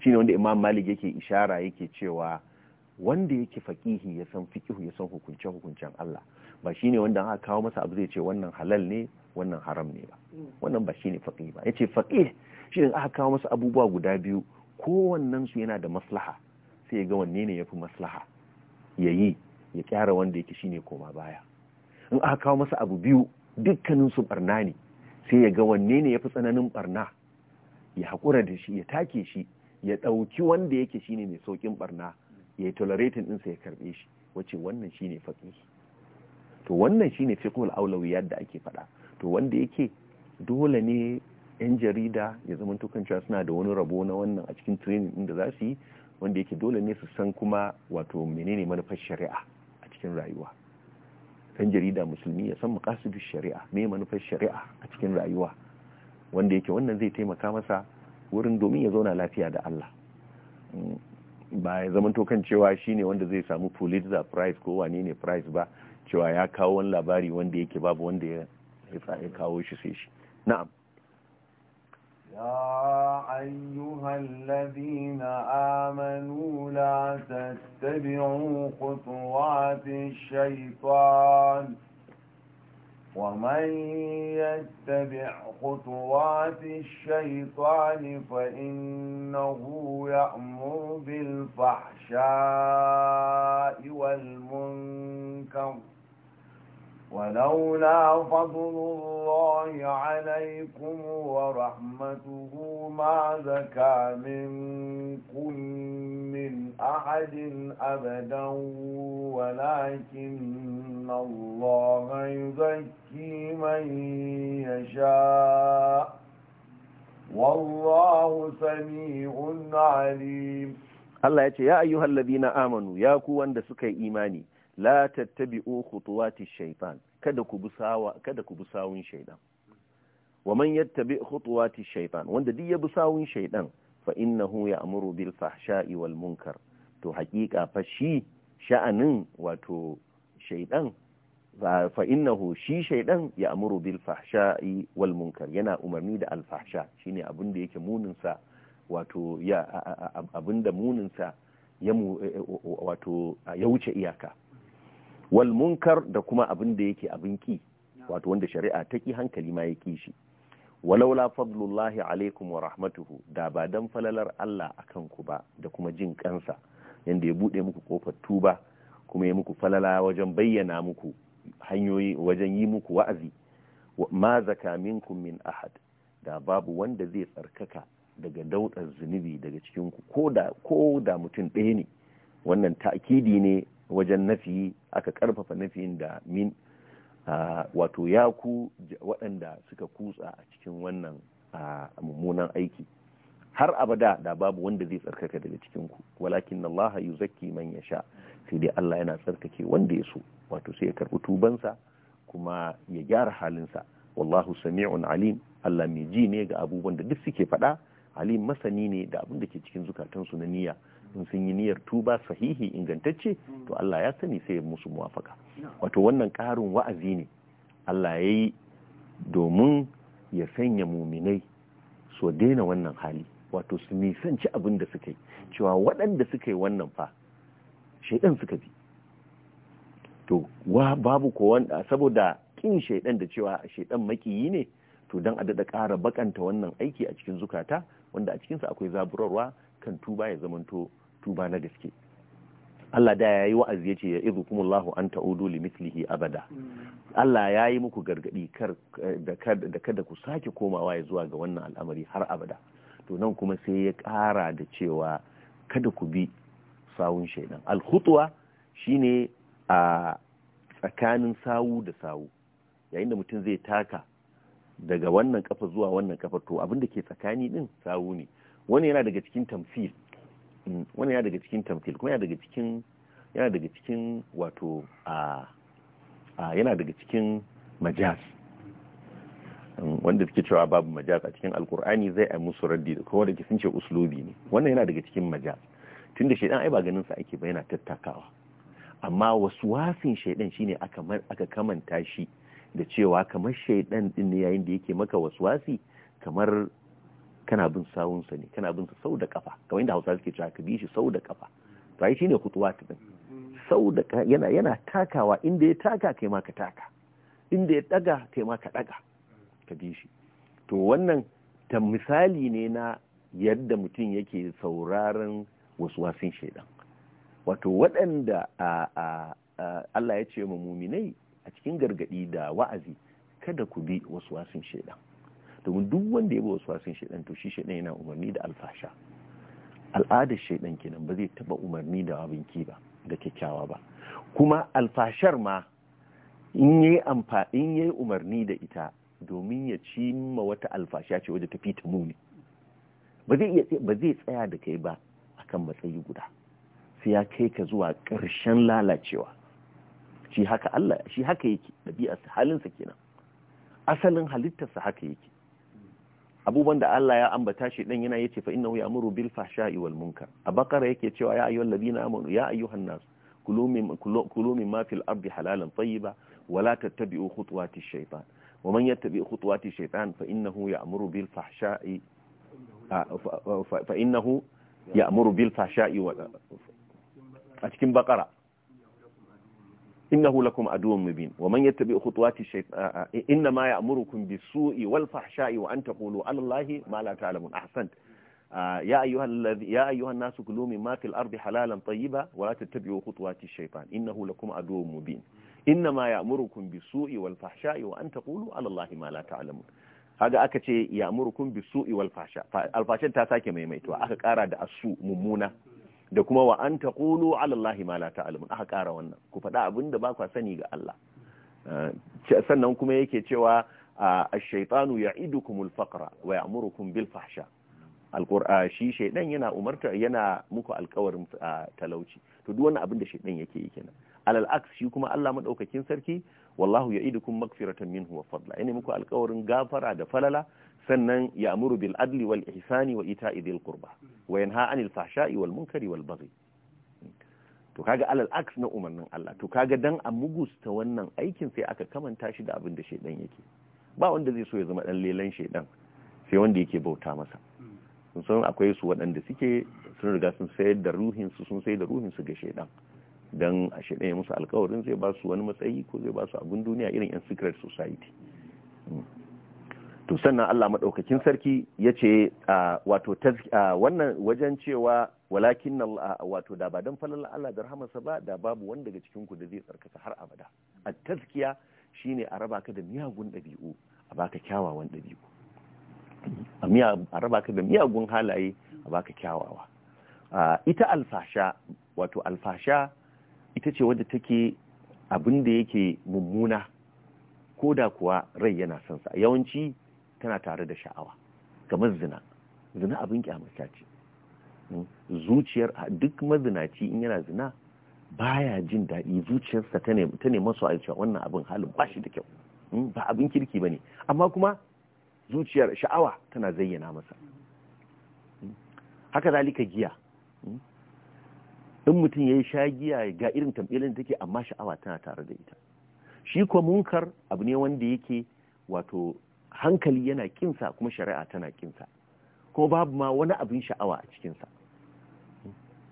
shine wanda imam malik yake ishara yake cewa wanda yake faƙihi ya san fiƙihu ya san hukunce hukuncen Allah ba shine wanda aka kawo masa abu zai ce wannan halal ne wannan haram ne ba hmm. wannan ba shine faƙi ba yace fakih shi ne aka kawo masa abubuwa guda biyu kowannen yana da maslaha sai ya ga wanne ne yafi maslaha yayi ya kyara wanda yake shine koma baya in aka kawo masa abu biyu dukkanin su barna ne sai ya ga wanne ne yafi tsananin barna ya haƙura da shi ya take shi ya ɗauki wanda yake shine mai saukin barna ya yi tolerating ɗinsa ya karɓe shi wace wannan shi ne faƙi to wannan shi ne fiƙul aulawiyar yadda ake faɗa to wanda yake dole ne 'yan jarida ya zama tukan cewa suna da wani rabo na wannan a cikin training ɗin da za su yi wanda yake dole ne su san kuma wato menene manufar shari'a a cikin rayuwa ɗan jarida musulmi ya san muƙasibin shari'a me manufar shari'a a cikin rayuwa wanda yake wannan zai taimaka masa wurin domin ya zauna lafiya da Allah hmm. ba ya zamanto kan cewa shine wanda zai samu pulitzer prize ko wani ne prize ba cewa ya kawo wani labari wanda yake babu wanda ya ya kawo shi sai shi na'am ya أيها amanu آمنوا لا تتبعوا خطوات shaifan. ومن يتبع خطوات الشيطان فإنه يأمر بالفحشاء والمنكر ولولا فضل الله عليكم ورحمته ما زكى منكم من أحد أبدا ولكن الله يزكي من يشاء والله سميع عليم الله يا أيها الذين آمنوا يا كو أن سكي إيماني la tattabi'u khutuwati shaitan kada ku bi kada ku bi sawun shaitan wa man yattabi khutuwati shaitan wanda duk ya bi sawun shaitan fa innahu ya'muru bil fahsha'i wal munkar to hakika fa shi sha'anin wato shaitan fa innahu shi shaitan ya'muru bil fahsha'i wal munkar yana umarni da al fahsha shine abin da yake munin sa wato ya abin da munin sa ya wato ya wuce iyaka wal munkar da kuma abin da yake abin ki wato wanda shari'a ta ki hankali ma ya ki shi walaula fadlullahi alaikum wa rahmatuhu da ba dan falalar Allah akan ku ba da kuma jin kansa yanda ya bude muku kofar tuba kuma ya muku falala wajen bayyana muku hanyoyi wajen yi muku wa'azi ma zaka minkum min ahad da babu wanda zai tsarkaka daga daudar zunubi daga cikin ku ko da ko da mutum ɗaya ne wannan ta'kidi ne wajen nafi aka karfafa nafin da min wato ya ku waɗanda suka kutsa a cikin wannan mummunan aiki har abada da babu wanda zai tsarkaka daga cikin ku walakin Allah zakki man ya sha sai dai Allah yana tsarkake wanda ya so wato sai ya karbi tubansa kuma ya gyara halinsa wallahu sami'un alim Allah mai ji ne ga abubuwan da duk suke faɗa alim masani ne da abin da ke cikin zukatansu na niyya in sun yi niyyar tuba sahihi ingantacce hmm. to Allah ya sani sai ya musu muwafaka wato wannan karin wa'azi ne Allah ya yi domin ya sanya muminai su daina wannan hali wato su nisanci abin da suka yi cewa waɗanda suka yi wannan fa shaidan suka bi to wa babu ko wanda saboda kin shaidan da cewa shaidan makiyi ne to dan a dada ƙara bakanta wannan aiki a cikin zukata wanda a cikinsa akwai zaburarwa kan tuba ya zamanto tuba na gaske Allah da yi wa'azi ya yace ya Allah an ta'udu li abada Allah ya yi muku gargaɗi da kada ku sake komawa ya zuwa ga wannan al'amari har abada to nan kuma sai ya ƙara da cewa kada ku bi sawun shaidan alhutuwa shine a tsakanin sawu da sawu yayin da mutum zai taka daga wannan kafa zuwa wannan kafa to abin da ke tsakani din sawu ne wani yana daga cikin tamfil Mm. wani ya daga cikin tamthil kuma yana daga cikin wato a yana daga cikin majaz mm, wanda suke cewa babu majaz a cikin alkur'ani zai a musu raddi da kowa da ke sun ce uslubi ne wannan yana daga cikin majaz tunda shaidan ai ba ganin sa ake ba yana tattakawa amma wasu wasin shaidan shine aka aka kamanta shi da cewa kamar shaidan din ne yayin da yake maka wasu wasi kamar kana bin sawunsa ne kana bin sa sau da kafa kamar hausa suke cewa ka bi shi sau da kafa to ai shine kutuwa ta din sau da yana yana takawa inda ya taka kai ma ka taka inda ya daga kai ma ka daga ka bi shi to wannan ta misali ne na yadda mutum yake sauraron wasu wasin shaidan wato waɗanda Allah ya ce ma muminai a cikin gargadi da wa'azi kada ku bi wasu wasin shaidan domin duk wanda ya bi wasu wasan shaidan to shi shaidan yana umarni da alfasha al'adar shaidan kenan ba zai taba umarni da abin ba da kyakkyawa ba kuma alfashar ma in yayi amfani yayi umarni da ita domin ya ci cimma wata alfasha ce wajen ta fi ta muni ba zai tsaya da kai ba akan matsayi guda sai ya kai ka zuwa ƙarshen lalacewa shi haka Allah shi haka yake ɗabi'arsa halinsa kenan asalin halittarsa haka yake abubuwan da Allah ya ambata shi dan yana yace fa innahu ya'muru bil fahsha'i wal munkar a bakara yake cewa ya ayyuhal ladina amanu ya ayyuhan nas kulu min kulu min ma fil ardi halalan tayyiba wa la tattabi'u khutuwati shaytan wa man yattabi' khutuwati shaytan fa innahu ya'muru bil fahsha'i fa innahu ya'muru bil fahsha'i wa a cikin bakara innahu lakum aduwwun mubin wa man yattabi khutuwati shaytan inna ma ya'murukum bis-su'i wal fahsha'i wa an taqulu 'ala Allahi ma la ta'lamun ahsant ya ayyuhal ya ayyuhan nasu kulu mimma fil ardi halalan tayyiba wa la tattabi'u khutuwati shaytan innahu lakum aduwwun mubin inna ma ya'murukum bis-su'i wal fahsha'i wa an taqulu 'ala Allahi ma la ta'lamun kaga aka ce ya'murukum wal fahsha ta sake maimaituwa aka kara da asu mummuna da kuma wa an taƙulu alallahi ma la ta'lamun aka ƙara wannan ku faɗa abin da ba ku sani ga Allah eh, sannan kuma yake cewa ash-shaytanu ya'idukumul faqra wa ya'murukum bil fahsha eh, shi shaidan yana umarta yana muku alƙawarin eh, talauci to duk wani abin da shaidan yake yi kenan alal aks shi kuma Allah madaukakin sarki wallahu ya'idukum magfiratan minhu wa fadla yana muku alƙawarin gafara da falala sannan ya amuru bil adli wal ihsani wa ita idil qurba wa yanha anil fahsha'i wal munkari wal baghi to kaga alal aks na umarnin Allah to kaga dan a mugusta wannan aikin sai aka kamanta shi da abin da shedan yake ba wanda zai so ya zama dan lelan shedan sai wanda yake bauta masa sun san akwai su waɗanda suke sun riga sun sayar da ruhin su sun sayar da ruhin su ga shedan dan a shedan ya musu alƙawarin zai ba su wani matsayi ko zai ba su abin duniya irin yan secret society hmm. to sannan Allah maɗaukakin sarki ya ce wato wannan wajen cewa walakin wato da ba don falala Allah da rahamarsa ba da babu wanda daga cikin ku da zai tsarkaka har abada a taskiya shine a raba ka da miyagun ɗabi'u a baka kyawawan ɗabi'u a raba ka da miyagun halaye a baka kyawawa ita alfasha wato alfasha ita ce wadda take abin da yake mummuna ko da kuwa rai yana son sa yawanci tana tare da sha'awa kamar zina zina abin kyamata ce hmm? zuciyar duk mazinaci in yana zina baya jin daɗi zuciyarsa ta ne masu a wannan abin halin ba shi da kyau hmm? ba abin kirki ba ne amma kuma zuciyar sha'awa tana zayyana masa hmm? haka zalika giya in mutum ya yi sha giya ga irin tamɓilin da take amma sha'awa tana tare da ita shi ko munkar abu ne wanda yake wato hankali yana kinsa kuma shari'a tana kinsa Ko babu ma wani abin sha'awa a cikinsa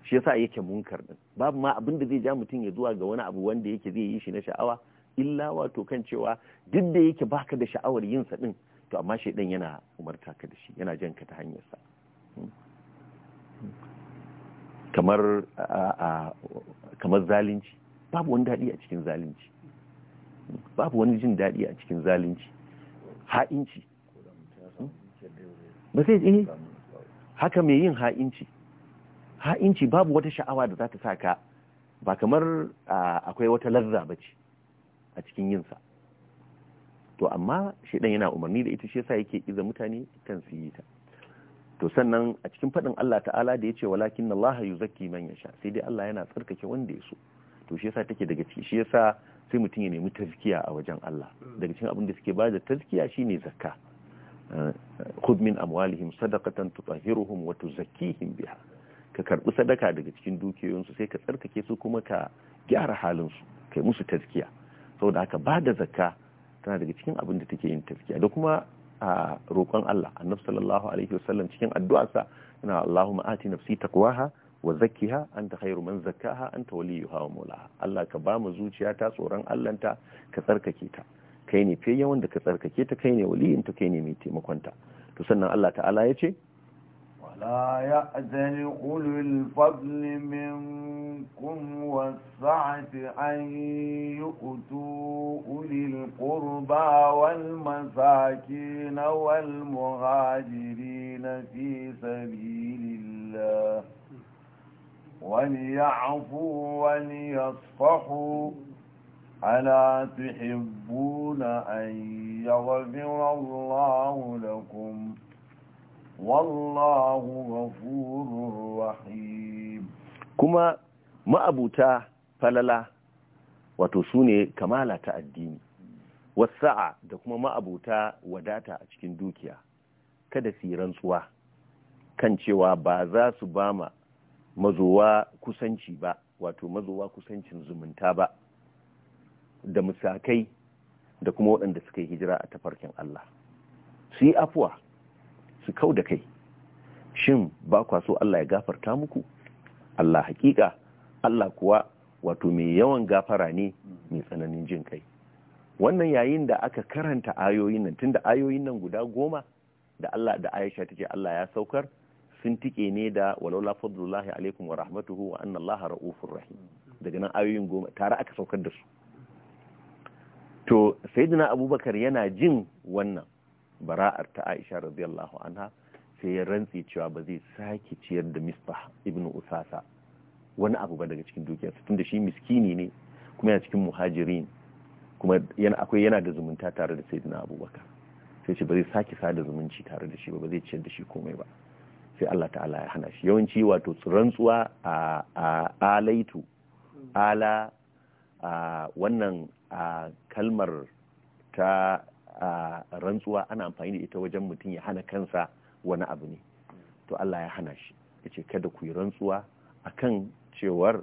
shi yasa yake munkar din babu ma abin da zai ja mutum ya zuwa ga wani abu wanda yake zai yi shi na sha'awa illa wato kan cewa duk da yake baka da sha'awar yin sa din to amma shi dan yana umarta ka da shi yana jan ka ta hanyar sa kamar kamar zalunci babu wani daɗi a cikin zalunci babu wani jin daɗi a cikin zalunci ha'inci ba sai eh haka mai yin ha'inci ha'inci babu wata sha'awa da za ta sa ka ba kamar akwai wata lazza ba ce a cikin yinsa to amma shaidan yana umarni da ita shi yasa yake iza mutane kan su yi ta to sannan a cikin faɗin Allah ta'ala da ya ce walakin Allah yuzakki man yasha sai dai Allah yana tsarkake wanda ya so to shi yasa take daga ciki shi yasa sai mutum ya nemi tazkiya a wajen Allah daga cikin abin da suke ba da tazkiya shine zakka eh, khud min amwalihim sadaqatan tutahhiruhum wa tuzakkihim biha ka karbi sadaka daga cikin dukiyoyinsu sai ka tsarkake su kuma ka gyara halin su kai musu tazkiya saboda haka ba da zakka tana daga cikin abin da take yin tazkiya da kuma a roƙon Allah annabi sallallahu alaihi wasallam cikin addu'arsa yana Allahumma ati nafsi taqwaha wa zakkiha anta khairu man zakkaha anta waliyuha wa mawlaha Allah ka ba mu zuciya ta tsoron Allah ta ka tsarkake ta kai ne fiye wanda ka tsarkake ta kai ne waliyin ta kai ne mai taimakon ta to sannan Allah ta'ala ya ce ولا يأذن أولو الفضل منكم والسعة أن يؤتوا أولي القربى والمساكين والمهاجرين في سبيل الله وليعفوا وليصفحوا ألا تحبون أن يغفر الله لكم والله غفور رحيم كما ما أبوتا فللا وتسوني كمالة الدين wasa'a da kuma ma'abuta wadata a cikin dukiya kada su yi rantsuwa kan cewa ba za su bama mazowa kusanci ba wato mazowa kusancin zumunta ba da musakai da kuma waɗanda suka yi hijira a tafarkin Allah su yi afuwa su kau da kai shin ba kwaso Allah ya gafarta muku Allah hakika Allah kuwa wato mai yawan gafara ne mai tsananin jin kai wannan yayin da aka karanta ayoyin nan tunda ayoyin nan guda goma da Allah da Aisha ce Allah ya saukar sun tike ne da walaula fadlullahi alaikum wa rahmatuhu wa anna allaha ra'ufur rahim daga nan ayoyin goma tare aka saukar da su to sayyidina abubakar yana jin wannan bara'ar ta Aisha radiyallahu anha sai ya rantse cewa ba zai sake ciyar da Misbah ibn Usasa wani abu ba daga cikin dukiya dukiyarsa tunda shi miskini ne kuma yana cikin muhajirin kuma yana akwai yana da zumunta tare da sayyidina abubakar sai ce ba zai sake sada zumunci tare da shi ba ba zai ciyar da shi komai ba sai Allah ta'ala ya hana shi yawanci wato rantsuwa a alaitu ala wannan kalmar ta rantsuwa ana amfani da ita wajen mutum ya hana kansa wani abu ne to Allah ya hana shi ya ce kada ku yi rantsuwa a kan cewar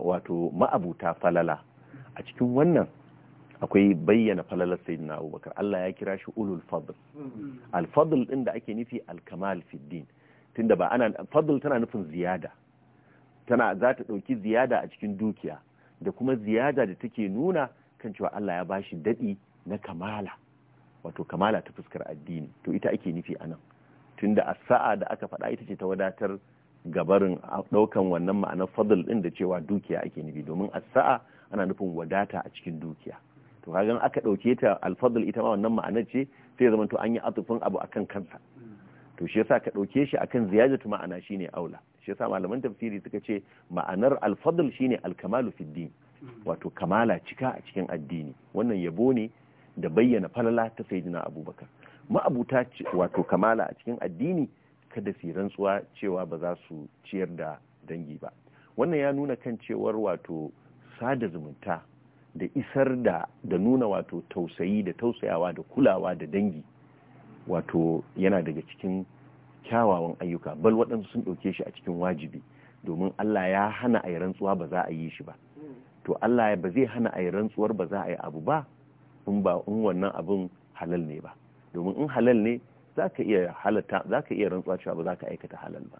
wato ma'abuta falala a cikin wannan akwai bayyana falalar sayyidina abubakar Allah ya kira shi ulul fadl mm-hmm. al-fadl da ake nufi al-kamal tunda ba ana fadl tana nufin ziyada tana za ta ɗauki ziyada a cikin dukiya da kuma ziyada da take nuna kan cewa Allah ya bashi dadi na kamala wato kamala ta fuskar addini to ita ake nufi anan tunda a sa'a da aka faɗa ita ce ta wadatar gabarin ɗaukan wannan ma'anar fadl din da cewa dukiya ake nufi domin a sa'a ana nufin wadata a cikin dukiya to kagan aka dauke ta alfadl ita ma wannan ma'anar ce sai zama to an yi atufin abu akan kansa to shi yasa ka ɗauke shi akan ziyadatu ma'ana shine aula shi yasa malaman tafsiri suka ce ma'anar alfadl shine alkamalu fi din wato kamala cika a cikin addini wannan yabo ne da bayyana falala ta sayyidina abubakar ma'abuta wato kamala a cikin addini kada su rantsuwa cewa ba za su ciyar da dangi ba wannan ya nuna kan cewar wato sada zumunta da isar da da nuna wato tausayi da tausayawa da kulawa da dangi wato yana daga cikin kyawawan ayyuka bal waɗansu sun ɗauke shi a cikin wajibi domin Allah ya hana a yi rantsuwa ba za a yi shi ba to Allah ba zai hana a yi rantsuwar ba za a yi abu ba in ba in wannan abin halal ne ba domin in halal ne za iya halatta za ka iya rantsuwa cewa ba za ka aikata halal ba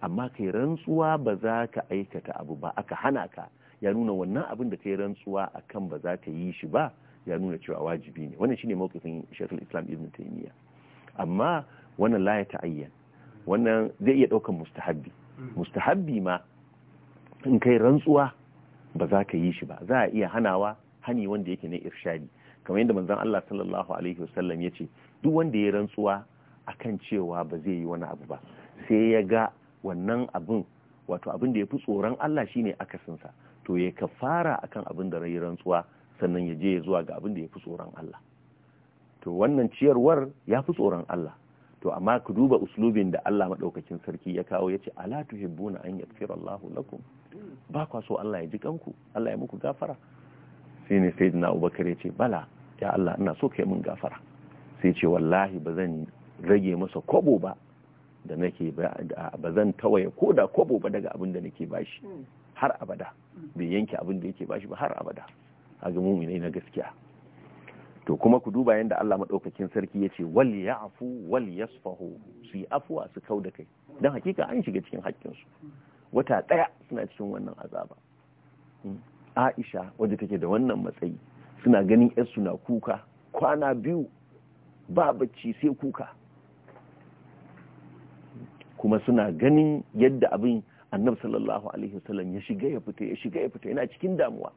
amma kai rantsuwa ba za ka aikata abu ba aka hana ka ya nuna wannan abin da kai rantsuwa akan ba za ka yi shi ba ya nuna cewa wajibi ne wannan shine mawqifin Sheikhul Islam Ibn Taymiyyah amma wannan la ya ta'ayyan wannan zai iya ɗaukan mustahabbi hmm. mustahabbi ma in kai rantsuwa ba za ka yi shi ba za a iya hanawa hani wanda yake na irshadi kamar yadda manzon Allah sallallahu alaihi wasallam ya ce duk wanda ya rantsuwa akan cewa ba zai yi wani abu ba sai ya ga wannan abin wato abin da ya fi tsoron Allah shine akasinsa to ya kafara akan abin da rai rantsuwa sannan ya je zuwa ga abin da ya fi tsoron Allah to wannan ciyarwar ya fi tsoron Allah to amma ku duba uslubin da Allah maɗaukakin sarki ya kawo ya ce ala tuhibbuna an yaghfira Allahu lakum ba kwa so Allah ya ji kanku Allah ya muku gafara sai ne sayyidina Abubakar ya ce bala ya Allah ina so kai mun gafara sai ce wallahi ba zan rage masa kobo ba da nake ba zan tawaye ko da kobo ba daga abin da nake bashi har abada bai yanke abin da yake bashi ba har abada a ga mu'mini na gaskiya to kuma ku duba yadda Allah maɗaukakin sarki ya ce wal ya'fu wal yasfahu su yi afuwa su kau da kai don hakika an shiga cikin haƙƙinsu wata ɗaya suna cikin wannan azaba hmm. Aisha wadda take da wannan matsayi suna ganin yan suna kuka kwana biyu ba bacci sai kuka kuma suna ganin yadda abin annabi sallallahu alaihi wasallam ya shiga ya fita ya shiga ya fita yana cikin damuwa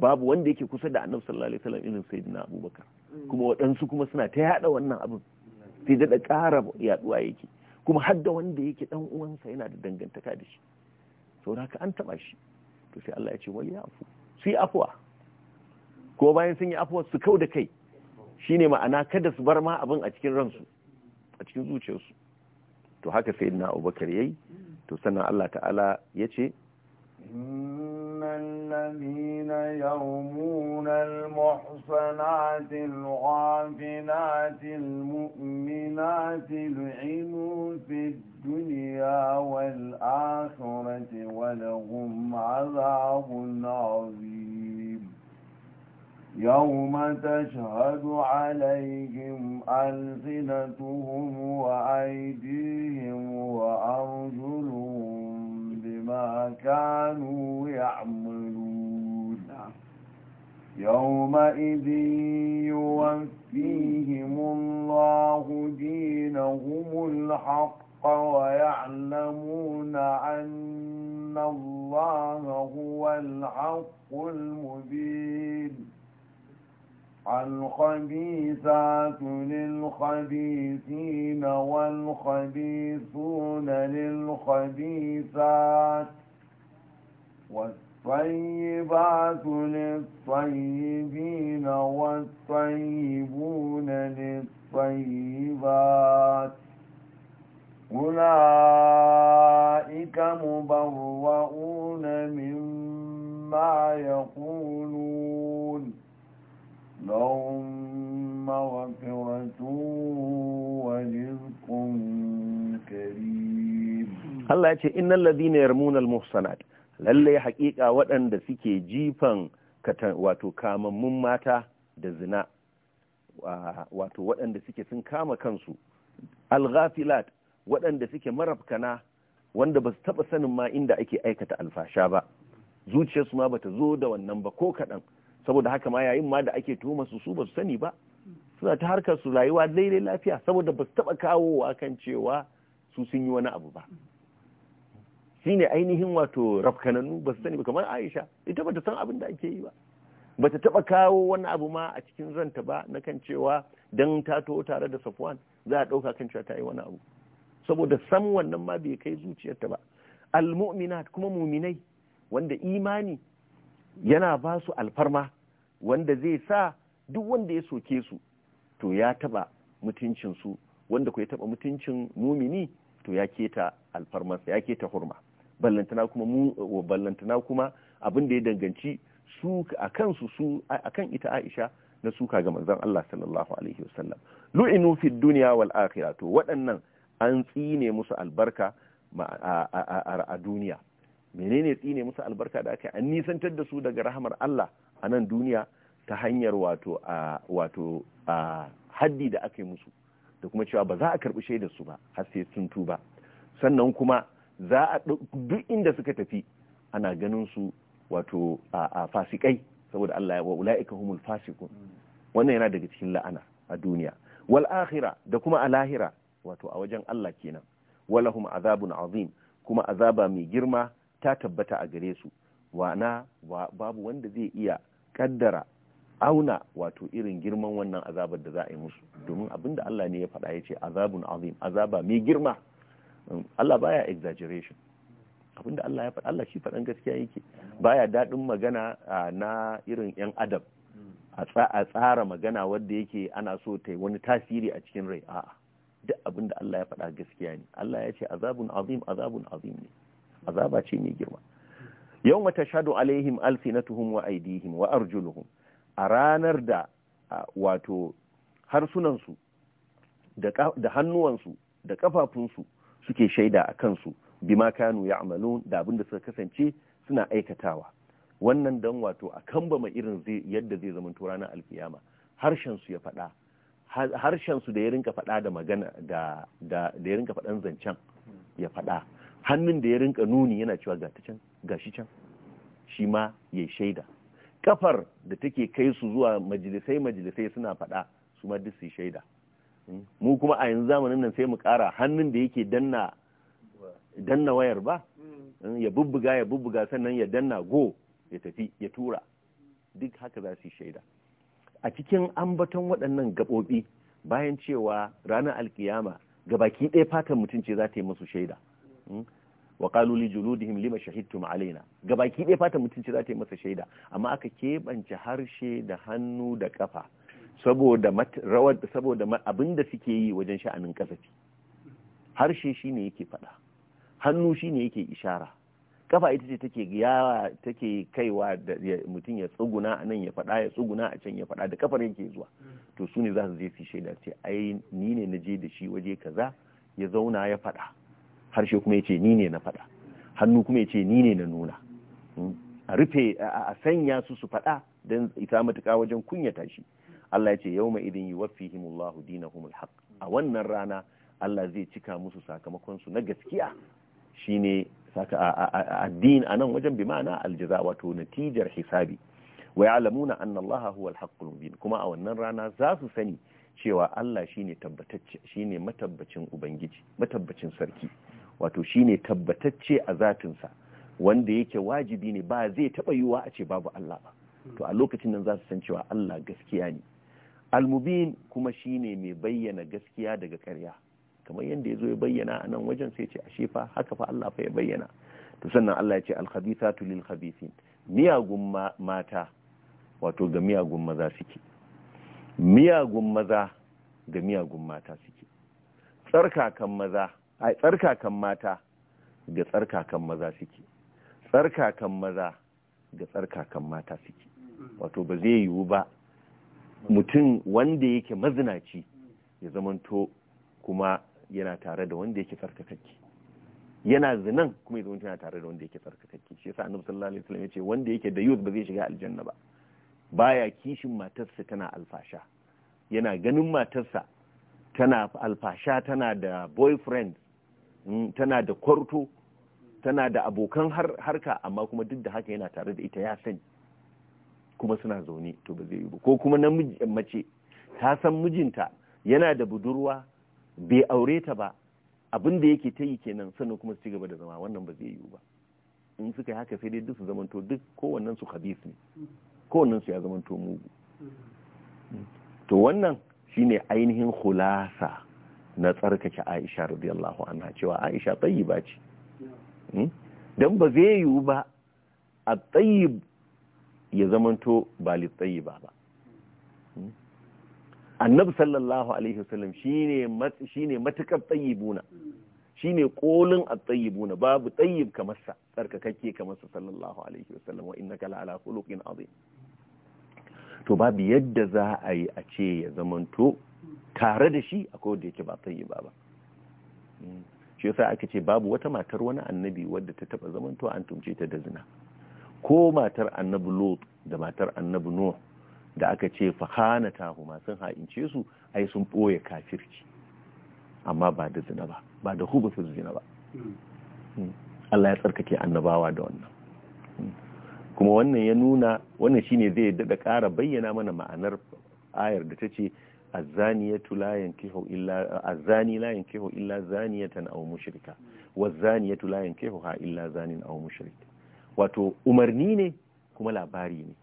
babu wanda yake kusa da annabi sallallahu alaihi wasallam irin sayyidina abubakar mm. kuma waɗansu kuma suna ta yada wannan abin sai da ƙara yaduwa yake kuma har da wanda yake dan uwansa yana da dangantaka da shi saboda haka an taba shi to sai Allah ya ce wali afu sai afwa ko bayan sun yi afuwa su kau da kai shine ma'ana kada su bar ma abin a cikin ransu a cikin zuciyarsu to haka sayyidina abubakar yayi to sannan Allah ta'ala ya ce الذين يرمون المحصنات الغافلات المؤمنات لعنوا في الدنيا والآخرة ولهم عذاب عظيم يوم تشهد عليهم ألسنتهم وأيديهم وأرجلهم ما كانوا يعملون يومئذ يوفيهم الله دينهم الحق ويعلمون أن الله هو الحق المبين الخبيثات للخبيثين والخبيثون للخبيثات والطيبات للطيبين والطيبون للطيبات أولئك مبرؤون مما يقولون Allah ya ce كريم الله يقول إن الذين يرمون lallai hakika waɗanda suke jifan wato kamammun mata da zina wato waɗanda suke sun kama kansu alghafilat waɗanda suke marafkana wanda ba su taɓa sanin ma inda ake aikata alfasha ba zuciyarsu ma bata zo da wannan ba ko kaɗan saboda haka ma yayin ma da ake tuhuma su su ba su sani ba suna ta harkar su rayuwa daidai lafiya saboda ba su taba kawowa kan cewa su sun yi wani abu ba ne ainihin wato rafkananu ba su sani ba kamar Aisha ita ba ta san abin da ake yi ba ba ta taba kawo wani abu ma a cikin zanta ba na kan cewa dan ta to tare da Safwan za a dauka kan cewa ta yi wani abu saboda san wannan ma bai kai zuciyarta ba almu'minat kuma muminai wanda imani yana ba su alfarma wanda zai sa duk wanda ya soke su to ya taba mutuncinsu wanda ku ya taba mutuncin mumini to ya keta alfarmarsa ya keta hurma ballantana kuma mu kuma abin da ya danganci su a kansu su akan ita Aisha na suka ga manzon Allah sallallahu alaihi wasallam lu'inu fid dunya wal akhirah to waɗannan an tsine musu albarka a duniya menene tsine musu albarka da aka an nisantar da su daga rahamar Allah a nan duniya ta hanyar wato a wato a haddi da aka yi musu da kuma cewa ba za a karbi shaidar su ba har sai sun tuba sannan kuma za a duk inda suka tafi ana ganin su wato a fasikai saboda Allah ya wa ulaika humul fasiqun wannan yana daga cikin la'ana a duniya wal akhira da kuma a lahira wato a wajen Allah kenan walahum azabun azim kuma azaba mai girma ta tabbata a gare su wana babu wanda zai iya kaddara auna wato irin girman wannan azabar da za a yi musu domin abinda Allah ne ya faɗa ya ce azabun azim azaba mai girma um, Allah baya exaggeration abinda Allah ya faɗa Allah shi faɗan gaskiya yake baya daɗin magana na irin 'yan adam a tsara magana wadda yake ana so ta yi wani tasiri a cikin rai a'a duk abinda Allah ya faɗa gaskiya ne Allah ya ce azabun azim azabun azim ne azaba ce mai girma yau mata shaɗu alaihim alfinatuhum wa aidihim wa arjuluhum a ranar da wato harsunansu da hannuwansu da kafafunsu suke shaida a kansu bima kanu ya amalun da abinda suka kasance suna aikatawa wannan dan wato a kambama irin yadda zai zama ranar alkiyama harshensu ya faɗa harshensu da ya rinka faɗa da magana da ya rinka faɗan zancen ya faɗa hannun da ya rinka nuni yana cewa ga ta can ga shi can shi ma ya shaida kafar da take kai su zuwa majalisai majalisai suna faɗa su ma duk su shaida hmm? mu kuma a yanzu zamanin nan sai mu ƙara hannun da yake danna danna wayar ba hmm. Hmm, ya bubbuga ya bubbuga sannan ya danna go ya tafi ya tura duk haka za su yi shaida a cikin ambaton waɗannan gaɓoɓi bayan cewa ranar alkiyama gabaki ɗaya fatan mutum ce za ta yi musu shaida Hmm? wa qalu li juludihim lima shahidtum alaina gabaki ɗaya fata mutunci zata ta yi masa shaida amma aka keɓance harshe da hannu da kafa saboda rawar saboda abinda suke yi wajen sha'anin kasafi harshe shine yake faɗa hannu shine yake ishara kafa ita ce take ya take kaiwa da mutum ya tsuguna a nan ya faɗa ya tsuguna a can ya faɗa da kafar yake zuwa to su ne za su je su shaida ce ai ni ne na je da shi waje kaza ya zauna ya faɗa harshe kuma ya ce ni ne na faɗa hannu kuma ya ce ni ne na nuna hmm. a rufe a sanya su su faɗa don isa matuka wajen kunyata shi Allah ya ce yau ma idin yi dina humul haq a wannan rana Allah zai cika musu sakamakon su na gaskiya shine saka addin a nan wajen bi ma'ana aljaza wato natijar hisabi wa ya'lamuna anna Allah huwa alhaqqul mubin kuma a wannan rana za su sani cewa Allah shine tabbatacce shine matabbacin ubangiji matabbacin sarki wato shine tabbatacce a zatinsa wanda yake wajibi ne ba zai taba yiwuwa a ce babu Allah ba to a lokacin nan za su san cewa Allah gaskiya ne almubin kuma shine mai bayyana gaskiya daga karya. kamar yadda ya zo ya bayyana a nan wajen sai ce ashe fa haka fa Allah fa ya bayyana to sannan Allah ya ce alkhabithatu lil khabithin miyagun mata wato ga miyagun maza suke miyagun maza ga miyagun mata suke tsarkakan maza a tsarkakan mata ga tsarkakan maza suke tsarkakan maza ga tsarkakan mata suke wato ba zai yiwu ba mutum wanda yake mazinaci ya zamanto kuma yana tare da wanda yake tsarkakakki yana zinan kuma ya zamanto yana tare da wanda yake tsarkakakki shi yasa annabi sallallahu alaihi wasallam yace wanda yake da yuz ba zai shiga aljanna ba baya kishin matarsa tana alfasha yana ganin matarsa tana alfasha tana da boyfriend Hmm, tana da kwarto tana da abokan harka amma kuma duk da haka yana tare da ita ya sani kuma suna zaune to ba zai yi ba ko kuma na mace ta san mijinta yana da budurwa bai aure ta ba abin da yake ta yi kenan sannan kuma su ci gaba da zama wannan ba zai yi ba in suka yi haka sai dai duk su zamanto duk kowannen su khabis ne kowannen su ya zamanto mugu hmm. to wannan shine ainihin khulasa na tsarkake Aisha radiyallahu anha cewa Aisha tayyiba ce hmm? dan ba zai yiwu ba a tayyib ya zamanto ba li ba hmm? annabi sallallahu alaihi wasallam shine shine matakar tayyibuna shine kolin at-tayyibuna babu tayyib kamar sa tsarkakakke kamar sa sallallahu alaihi wasallam wa innaka la'ala khuluqin azim to babu yadda za a yi a ce ya zamanto tare da shi akwai wanda yake ba tayyiba ba hmm. shi yasa aka ce babu wata matar wani annabi wadda ta taba zaman to an tumce ta da zina ko matar annabi lot da matar annabi nuh da aka ce fahana ta huma sun ha'ince su ai sun ɓoye kafirci amma ba da zina ba ba da su zina ba hmm. Hmm. Allah ya tsarkake annabawa da wannan kuma wannan ya nuna wannan shine zai daɗa ƙara bayyana mana ma'anar ayar da ta ce yankihu illa ينكح la yankihu illa zaniyatan aw mushrika wa zaniyatu la yankihu ha illa zanin aw mushrik wato umarni ne kuma labari ne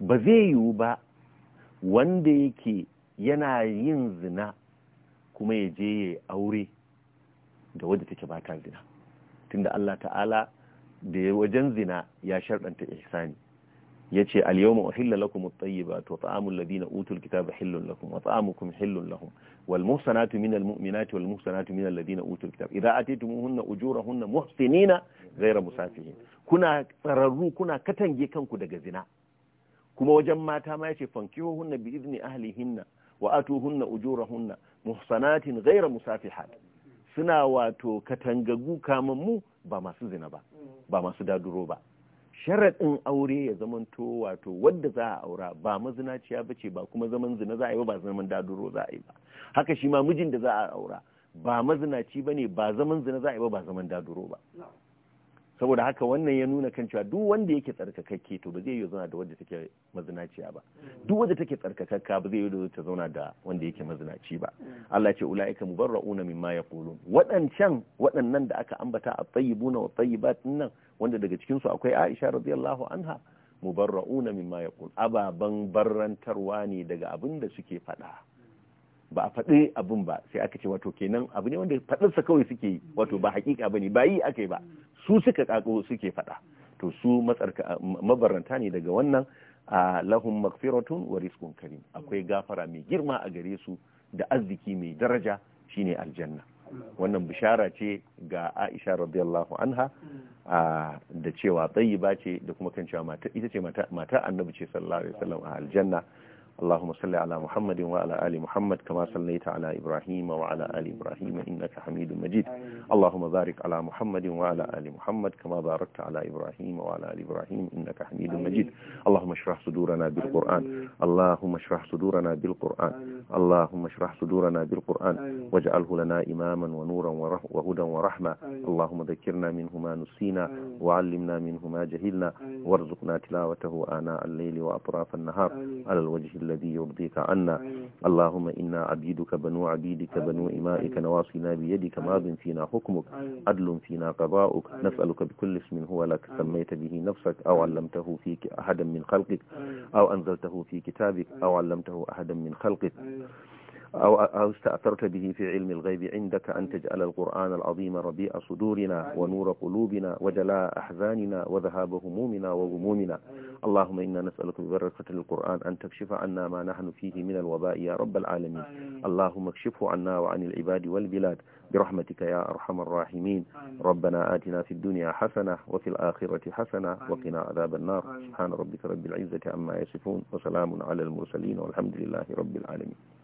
ba zai yiwu ba wanda yake yana yin zina kuma ya je ya aure da wadda take ba ta zina tunda Allah ta'ala da wajen zina ya sharɗanta ihsani yace al yawma uhilla lakum at tayyibatu wa ta'amu alladhina utul kitaba hillun lakum wa ta'amukum hillun lahum wal muhsanatu minal mu'minati wal muhsanatu minal ladina utul kitab idha atitumuhunna ujurahunna muhsinina ghayra musafihin kuna tsararru kuna katange kanku daga zina kuma wajen mata ma yace fankihunna bi idni ahlihinna wa atuhunna ujurahunna muhsanatin ghayra musafihat suna wato katangagu mu ba masu zina ba ba masu daduro ba sharaɗin aure ya zamanto wato wadda za a aura ba mazinaciya ba ce ba kuma zaman zina za a yi ba ba zaman daduro za a yi ba haka shi ma mijin da za a aura ba mazinaci ba ne ba zaman zina za a yi ba ba zaman daduro ba saboda haka wannan ya nuna kan cewa duk wanda yake tsarkakakke to ba zai yi zauna da wanda take mazinaciya ba duk wanda take tsarkakakka ba zai yi ta zauna da wanda yake mazinaci ba Allah ya ce ulaika mubarrauna mimma yaqulun wadancan wadannan da aka ambata a tayyibuna wa tayyibat nan wanda daga cikin su akwai Aisha radiyallahu anha mubarrauna mimma yaqul ababan barrantarwa ne daga abin suke faɗa ba a faɗi abin ba sai aka ce wato kenan abu ne wanda faɗinsa kawai suke yi wato ba hakika ba ne ba yi aka yi ba su suka kako suke faɗa to su mabaranta ne daga wannan a lahun makfiratun wa rizqun karim akwai gafara mai girma a gare su da arziki mai daraja shine aljanna wannan bishara ce ga Aisha radiyallahu anha da cewa ba ce da kuma kan cewa mata ita ce mata annabi ce sallallahu alaihi a aljanna اللهم صل على محمد وعلى آل محمد كما صليت على إبراهيم وعلى آل إبراهيم إنك حميد مجيد اللهم بارك على محمد وعلى آل محمد كما باركت على إبراهيم وعلى آل إبراهيم إنك حميد مجيد اللهم اشرح صدورنا بالقرآن اللهم اشرح صدورنا بالقرآن اللهم اشرح صدورنا بالقرآن واجعله لنا إماما ونورا وهدى ورحمة اللهم ذكرنا منه ما نسينا وعلمنا منه ما جهلنا وارزقنا تلاوته آناء الليل وأطراف النهار على الوجه الذي يرضيك عنا اللهم إنا عبيدك بنو عبيدك بنو إمائك نواصينا بيدك ماض فينا حكمك عدل فينا قضاؤك نسألك بكل اسم هو لك سميت به نفسك أو علمته في أحدا من خلقك أو أنزلته في كتابك أو علمته أحدا من خلقك أو, أو استأثرت به في علم الغيب عندك أن تجعل القرآن العظيم ربيع صدورنا ونور قلوبنا وجلاء أحزاننا وذهاب همومنا وغمومنا اللهم إنا نسألك ببركة القرآن أن تكشف عنا ما نحن فيه من الوباء يا رب العالمين اللهم اكشفه عنا وعن العباد والبلاد برحمتك يا أرحم الراحمين ربنا آتنا في الدنيا حسنة وفي الآخرة حسنة وقنا عذاب النار سبحان ربك رب العزة عما يصفون وسلام على المرسلين والحمد لله رب العالمين